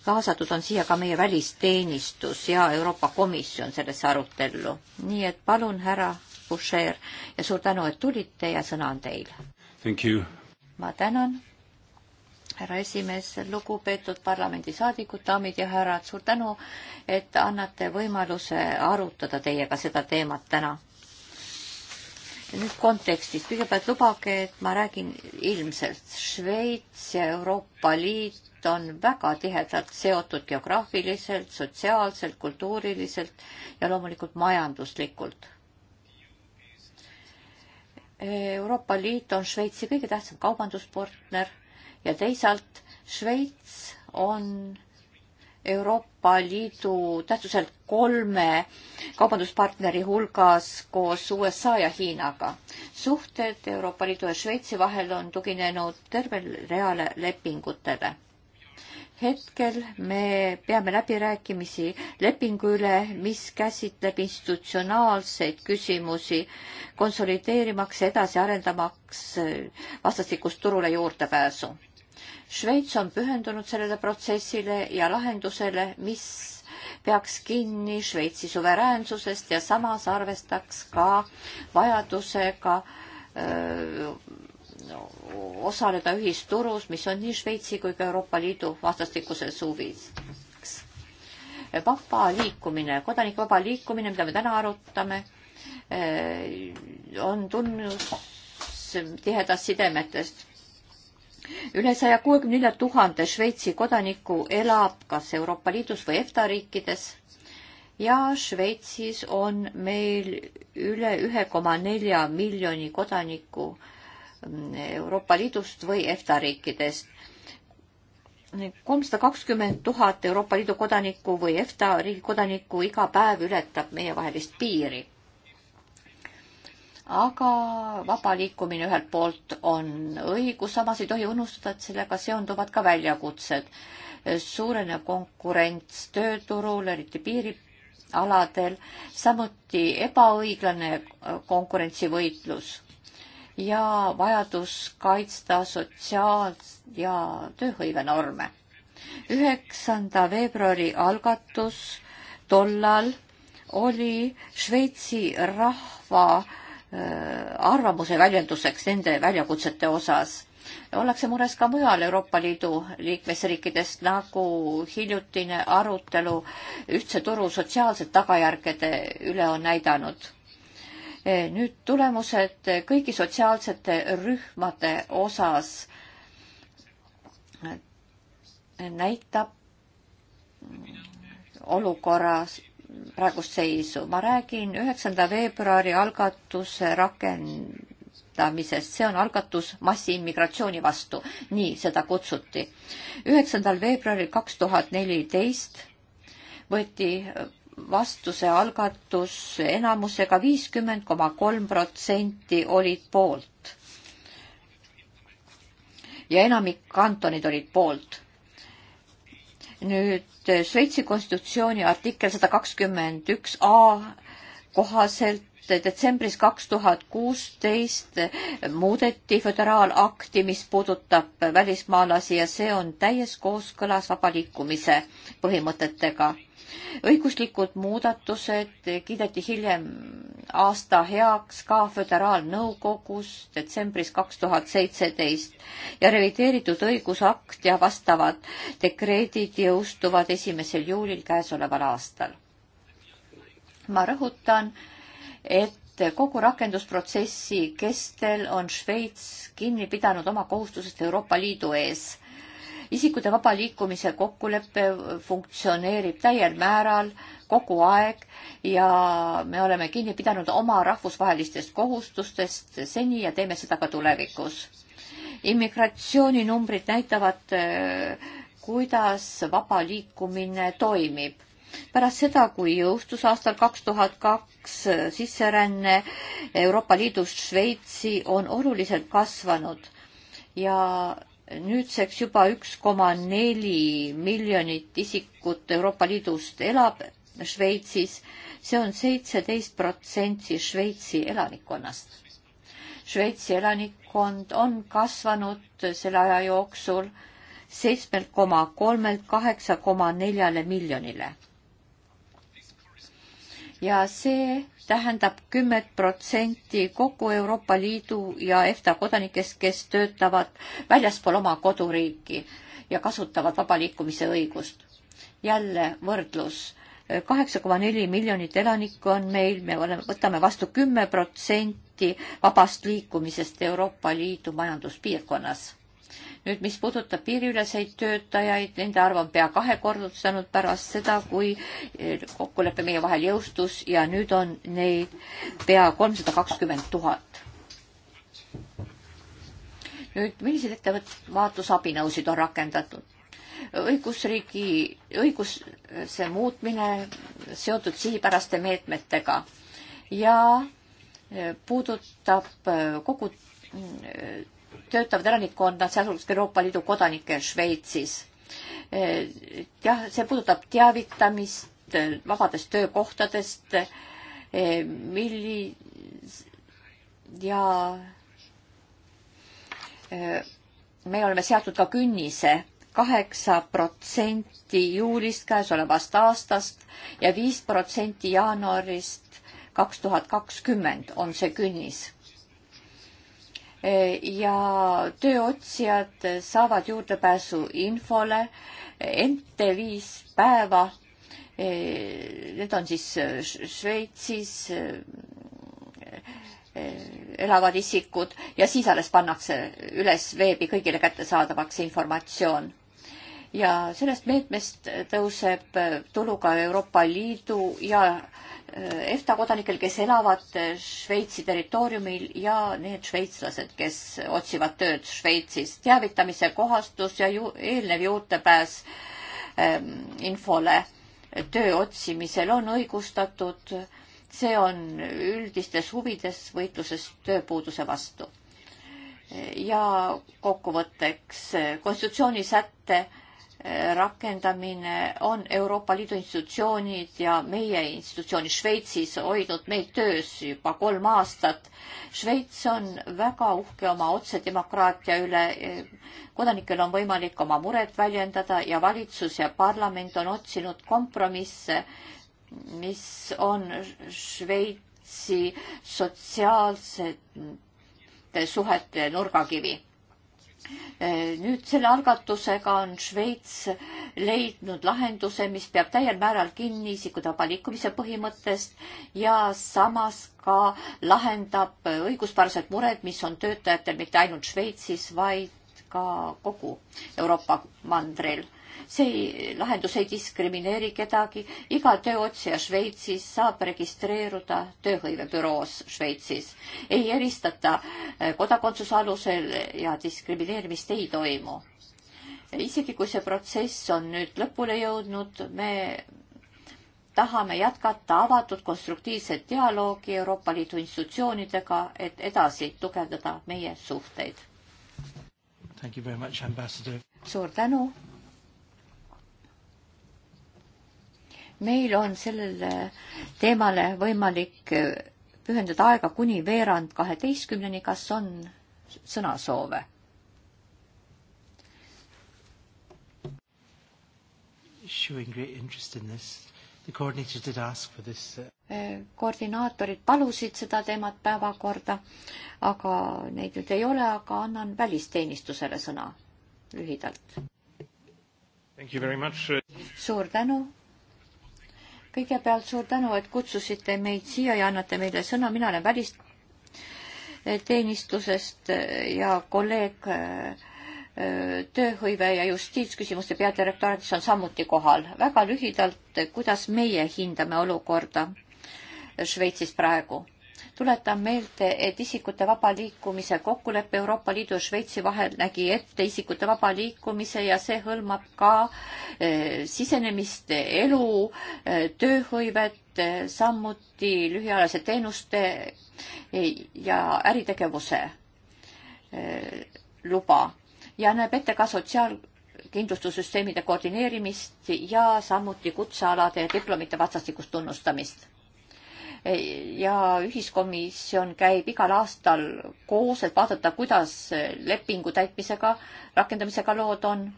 kaasatud on siia ka meie välisteenistus ja Euroopa Komisjon sellesse arutellu. nii et palun, härra Boucher ja suur tänu, et tulite ja sõna on teil. ma tänan härra esimees, lugupeetud parlamendisaadikud, daamid ja härrad, suur tänu, et annate võimaluse arutada teiega seda teemat täna. nüüd kontekstist, kõigepealt lubage, et ma räägin ilmselt, Šveits ja Euroopa Liit on väga tihedalt seotud geograafiliselt, sotsiaalselt, kultuuriliselt ja loomulikult majanduslikult. Euroopa Liit on Šveitsi kõige tähtsam kaubanduspartner ja teisalt Šveits on Euroopa Liidu tähtsuselt kolme kaubanduspartneri hulgas koos USA ja Hiinaga. suhted Euroopa Liidu ja Šveitsi vahel on tuginenud tervele reale lepingutele hetkel me peame läbirääkimisi lepingu üle, mis käsitleb institutsionaalseid küsimusi, konsolideerimaks ja edasi arendamaks vastastikust turule juurdepääsu. Šveits on pühendunud sellele protsessile ja lahendusele, mis peaks kinni Šveitsi suveräänsusest ja samas arvestaks ka vajadusega öö, osaleda ühisturus, mis on nii Šveitsi kui ka Euroopa Liidu vastastikuses huvis. vaba liikumine, kodanike vaba liikumine, mida me täna arutame, on tunnus tihedast sidemetest. üle saja kuuekümne nelja tuhande Šveitsi kodaniku elab kas Euroopa Liidus või EFTA riikides ja Šveitsis on meil üle ühe koma nelja miljoni kodaniku äh, Euroopa Liidust või EFTA riikidest. kolmsada kakskümmend tuhat Euroopa Liidu kodanikku või EFTA riigi kodanikku iga päev ületab meievahelist piiri. aga vaba liikumine ühelt poolt on õigus, samas ei tohi unustada, et sellega seonduvad ka väljakutsed. suurenev konkurents tööturul, eriti piiri aladel, samuti ebaõiglane konkurentsivõitlus ja vajadus kaitsta sotsiaal- ja tööhõivenorme. üheksanda veebruari algatus tollal oli Šveitsi rahva arvamuse väljenduseks nende väljakutsete osas. ollakse mures ka mujal Euroopa Liidu liikmesriikidest, nagu hiljutine arutelu ühtse turu sotsiaalsete tagajärgede üle on näidanud Eh, nüüd tulemused eh, kõigi sotsiaalsete rühmade osas eh, näitab olukorras praegust seisu. ma räägin üheksanda veebruari algatuse rakendamisest, see on algatus massiimmigratsiooni vastu, nii seda kutsuti. üheksandal veebruaril kaks tuhat neliteist võeti vastuse algatus enamusega viiskümmend koma kolm protsenti olid poolt. ja enamik kantonid olid poolt. nüüd Šveitsi konstitutsiooni artikkel sada kakskümmend üks A kohaselt detsembris kaks tuhat kuusteist muudeti föderaalakti, mis puudutab välismaalasi ja see on täies kooskõlas vaba liikumise põhimõtetega õiguslikud muudatused kiideti hiljem aasta heaks ka Föderaalnõukogus detsembris kaks tuhat seitseteist ja revideeritud õigusakt ja vastavad dekreedid jõustuvad esimesel juulil käesoleval aastal. ma rõhutan, et kogu rakendusprotsessi kestel on Šveits kinni pidanud oma kohustusest Euroopa Liidu ees isikute vaba liikumise kokkulepe funktsioneerib täiel määral kogu aeg ja me oleme kinni pidanud oma rahvusvahelistest kohustustest seni ja teeme seda ka tulevikus. immigratsiooninumbrid näitavad, eh, kuidas vaba liikumine toimib. pärast seda, kui jõustus aastal kaks tuhat kaks sisseränne Euroopa Liidust Šveitsi, on oluliselt kasvanud ja nüüdseks juba üks koma neli miljonit isikut Euroopa Liidust elab Šveitsis, see on seitseteist protsenti Šveitsi elanikkonnast. Šveitsi elanikkond on kasvanud selle aja jooksul seitsmelt koma kolmelt kaheksa koma neljale miljonile ja see tähendab kümmet protsenti kogu Euroopa Liidu ja EFTA kodanikest, kes töötavad väljaspool oma koduriiki ja kasutavad vaba liikumise õigust. jälle võrdlus, kaheksa koma neli miljonit elanikku on meil, me oleme, võtame vastu kümme protsenti vabast liikumisest Euroopa Liidu majanduspiirkonnas nüüd, mis puudutab piiriüleseid töötajaid, nende arv on pea kahekordustanud pärast seda, kui eh, kokkulepe meie vahel jõustus ja nüüd on neid pea kolmsada kakskümmend tuhat. nüüd, milliseid ettevõtlusabinõusid on rakendatud? õigusriigi, õiguse muutmine seotud sihipäraste meetmetega ja eh, puudutab eh, kogu töötavad elanikkonnad, sealhulgas Euroopa Liidu kodanikke Šveitsis. jah, see puudutab teavitamist vabadest töökohtadest, milli- ja me oleme seatud ka künnise kaheksa protsenti juulist käesolevast aastast ja viis protsenti jaanuarist kaks tuhat kakskümmend on see künnis ja tööotsijad saavad juurdepääsu infole ente viis päeva. Need on siis Šveitsis elavad isikud ja siis alles pannakse üles veebi kõigile kättesaadavaks informatsioon ja sellest meetmest tõuseb tulu ka Euroopa Liidu ja äh, EFTA kodanikel, kes elavad Šveitsi territooriumil ja need šveitslased, kes otsivad tööd Šveitsis. teavitamise kohastus ja ju, eelnev juurdepääs ähm, infole töö otsimisel on õigustatud. see on üldistes huvides võitluses tööpuuduse vastu. ja kokkuvõtteks konstitutsiooni sätte rakendamine on Euroopa Liidu institutsioonid ja meie institutsioonid Šveitsis hoidnud meid töös juba kolm aastat. Šveits on väga uhke oma otsedemokraatia üle. kodanikel on võimalik oma muret väljendada ja valitsus ja parlament on otsinud kompromisse, mis on Šveitsi sotsiaalsete suhete nurgakivi Eh, nüüd selle algatusega on Šveits leidnud lahenduse, mis peab täiel määral kinni isikutaba liikumise põhimõttest ja samas ka lahendab õiguspärased mured, mis on töötajatel mitte ainult Šveitsis, vaid ka kogu Euroopa mandril see ei, lahendus ei diskrimineeri kedagi. iga tööotsija Šveitsis saab registreeruda tööhõivebüroos Šveitsis. ei eristata eh, kodakondsuse alusel ja diskrimineerimist ei toimu. isegi kui see protsess on nüüd lõpule jõudnud, me tahame jätkata avatud konstruktiivset dialoogi Euroopa Liidu institutsioonidega, et edasi tugevdada meie suhteid. suur tänu, meil on sellele teemale võimalik pühendada aega kuni veerand kaheteistkümneni, kas on sõnasoove? Uh, eh, koordinaatorid palusid seda teemat päevakorda, aga neid nüüd ei ole, aga annan välisteenistusele sõna lühidalt. Uh, suur tänu kõigepealt suur tänu, et kutsusite meid siia ja annate meile sõna, mina olen välisteenistusest äh, ja kolleeg äh, äh, tööhõive ja justiitsküsimuste peadirektoraadis on samuti kohal. väga lühidalt, kuidas meie hindame olukorda Šveitsis praegu tuletan meelde, et isikute vaba liikumise kokkulepe Euroopa Liidu ja Šveitsi vahel nägi ette isikute vaba liikumise ja see hõlmab ka e, sisenemist, elu e,, tööhõivet e,, samuti lühiajalise teenuste ja äritegevuse luba ja näeb ette ka sotsiaalkindlustussüsteemide koordineerimist ja samuti kutsealade ja diplomite vastastikust tunnustamist ja ühiskomisjon käib igal aastal koos, et vaadata, kuidas lepingu täitmisega, rakendamisega lood on.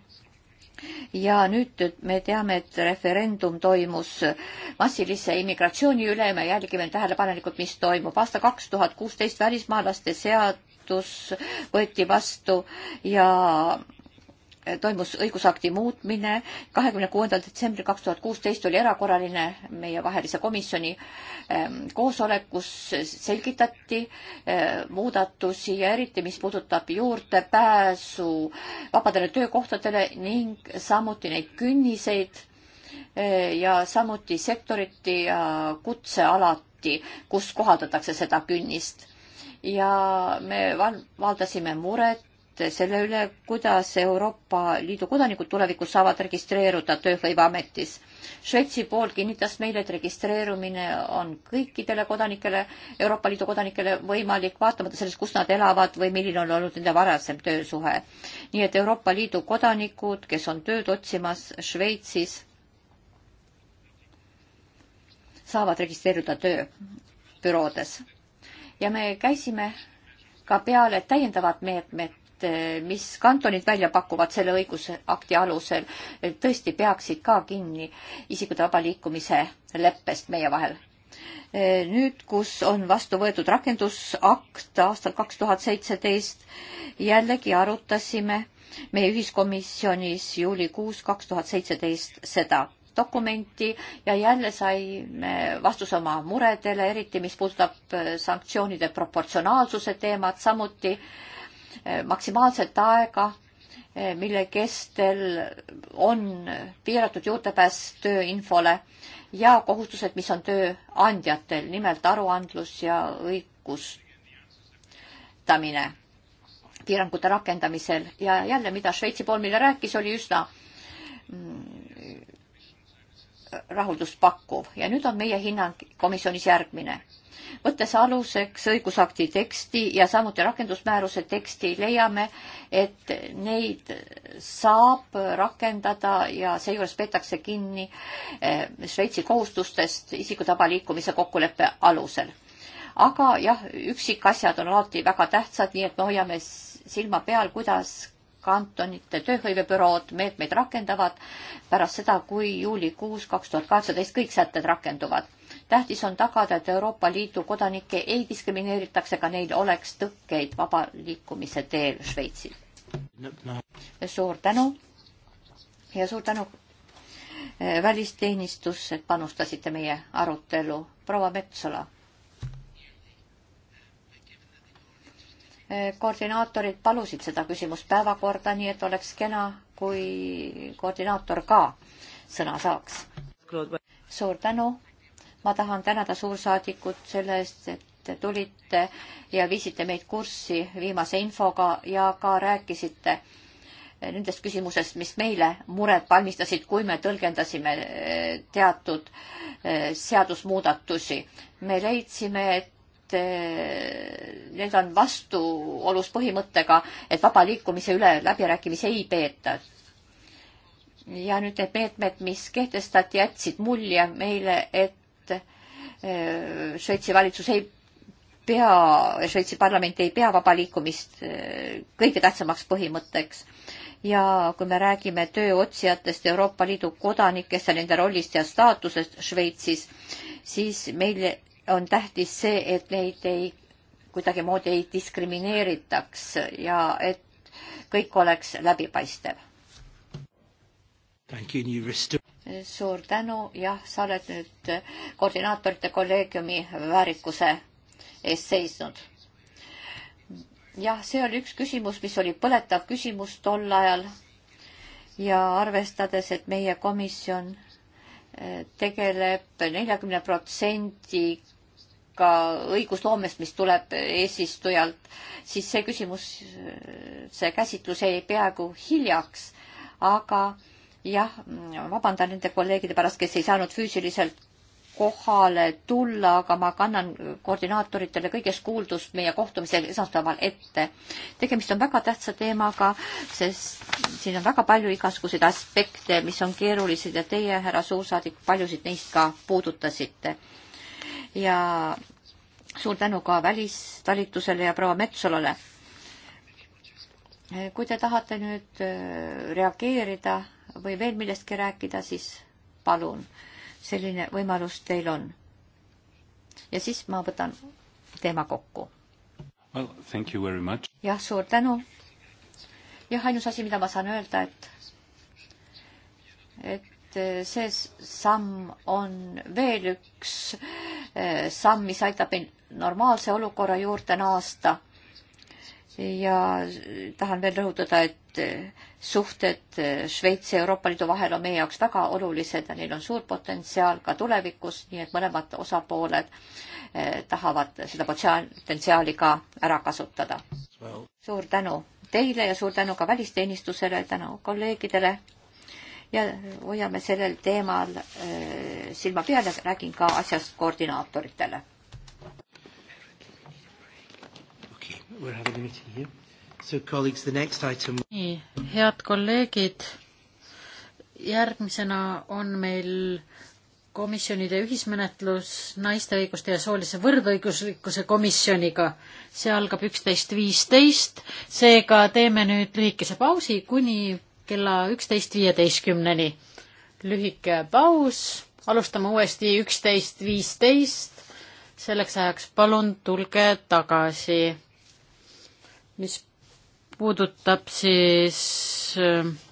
ja nüüd me teame, et referendum toimus massilise immigratsiooni üle ja me jälgime tähelepanelikult, mis toimub. aasta kaks tuhat kuusteist välismaalaste seadus võeti vastu ja toimus õigusakti muutmine. kahekümne kuuendal detsembril kaks tuhat kuusteist oli erakorraline meievahelise komisjoni ehm, koosolek, kus selgitati ehm, muudatusi ja eriti, mis puudutab juurdepääsu vabadele töökohtadele ning samuti neid künniseid ehm, ja samuti sektoriti ja kutsealati, kus kohaldatakse seda künnist ja me valdasime muret selle üle, kuidas Euroopa Liidu kodanikud tulevikus saavad registreeruda Tööhõiveametis. Šveitsi pool kinnitas meile, et registreerumine on kõikidele kodanikele, Euroopa Liidu kodanikele võimalik, vaatamata sellest, kus nad elavad või milline on olnud nende varasem töösuhe. nii et Euroopa Liidu kodanikud, kes on tööd otsimas Šveitsis, saavad registreeruda tööbüroodes. ja me käisime ka peale täiendavad meetmed et eh, mis kantonid välja pakuvad selle õigusakti alusel, tõesti peaksid ka kinni isikute vaba liikumise leppest meie vahel. Eh, nüüd, kus on vastu võetud rakendusakt aastal kaks tuhat seitseteist, jällegi arutasime meie ühiskomisjonis juulikuus kaks tuhat seitseteist seda dokumenti ja jälle saime vastuse oma muredele, eriti mis puudutab eh, sanktsioonide proportsionaalsuse teemat, samuti äh, Eh, maksimaalset aega, eh, mille kestel on piiratud juurdepääs tööinfole ja kohustused, mis on tööandjatel, nimelt aruandlus ja õigustamine piirangute rakendamisel ja jälle, mida Šveitsi pool meile rääkis, oli üsna mm, rahuldust pakkuv ja nüüd on meie hinnang komisjonis järgmine võttes aluseks õigusakti teksti ja samuti rakendusmääruse teksti, leiame, et neid saab rakendada ja seejuures peetakse kinni eh, Šveitsi kohustustest isiku tabaliikumise kokkuleppe alusel. aga jah, üksikasjad on alati väga tähtsad, nii et me hoiame silma peal, kuidas kantonite tööhõivebürood meetmeid rakendavad pärast seda, kui juulikuus kaks tuhat kaheksateist kõik sätted rakenduvad tähtis on tagada, et Euroopa Liidu kodanikke ei diskrimineeritaks ega neil oleks tõkkeid vaba liikumise teel Šveitsil. suur tänu ja suur tänu eh, välisteenistus, et panustasite meie arutelu. proua Metsola. Eh, koordinaatorid palusid seda küsimust päevakorda, nii et oleks kena, kui koordinaator ka sõna saaks. suur tänu ma tahan tänada suursaadikut selle eest, et te tulite ja viisite meid kurssi viimase infoga ja ka rääkisite nendest küsimusest, mis meile muret valmistasid, kui me tõlgendasime eh, teatud eh, seadusmuudatusi. me leidsime, et eh, need on vastuolus põhimõttega, et vaba liikumise üle läbirääkimisi ei peeta. ja nüüd need meetmed, mis kehtestati, jätsid mulje meile, et et eh, Šveitsi valitsus ei pea, Šveitsi parlament ei pea vaba liikumist eh, kõige tähtsamaks põhimõtteks. ja kui me räägime tööotsijatest, Euroopa Liidu kodanikest ja nende rollist ja staatusest Šveitsis, siis meil on tähtis see, et neid ei, kuidagimoodi ei diskrimineeritaks ja et kõik oleks läbipaistev suur tänu, jah, sa oled nüüd koordinaatorite kolleegiumi väärikuse eest seisnud. jah, see oli üks küsimus, mis oli põletav küsimus tol ajal ja arvestades, et meie komisjon eh, tegeleb neljakümne protsendiga õigusloomest, mis tuleb eesistujalt, siis see küsimus, eh, see käsitlus jäi peaaegu hiljaks, aga äh, jah, vabandan nende kolleegide pärast, kes ei saanud füüsiliselt kohale tulla, aga ma kannan koordinaatoritele kõigest kuuldust meie kohtumisel esmaspäeval ette. tegemist on väga tähtsa teemaga, sest siin on väga palju igasuguseid aspekte, mis on keerulised ja teie, härra suursaadik, paljusid neist ka puudutasite. ja suur tänu ka välistalitusele ja proua Metsolale. kui te tahate nüüd äh, reageerida või veel millestki rääkida, siis palun, selline võimalus teil on. ja siis ma võtan teema kokku. Well, jah, suur tänu. jah, ainus asi, mida ma saan öelda, et, et eh, see samm on veel üks eh, samm, mis aitab meil normaalse olukorra juurde naasta. ja tahan veel rõhutada, et et suhted eh, Šveitsi ja Euroopa Liidu vahel on meie jaoks väga olulised ja neil on suur potentsiaal ka tulevikus, nii et mõlemad osapooled eh, tahavad seda potentsiaali ka ära kasutada. suur tänu teile ja suur tänu ka välisteenistusele, tänu kolleegidele ja hoiame sellel teemal eh, silma peal ja räägin ka asjast koordinaatoritele. Okay, we're having a meeting here nii, head kolleegid, järgmisena on meil komisjonide ühismenetlus naiste õiguste ja soolise võrdõiguslikkuse komisjoniga. see algab üksteist viisteist, seega teeme nüüd lühikese pausi kuni kella üksteist viieteistkümneni. lühike paus, alustame uuesti üksteist viisteist. selleks ajaks palun tulge tagasi. mis puudutab siis äh,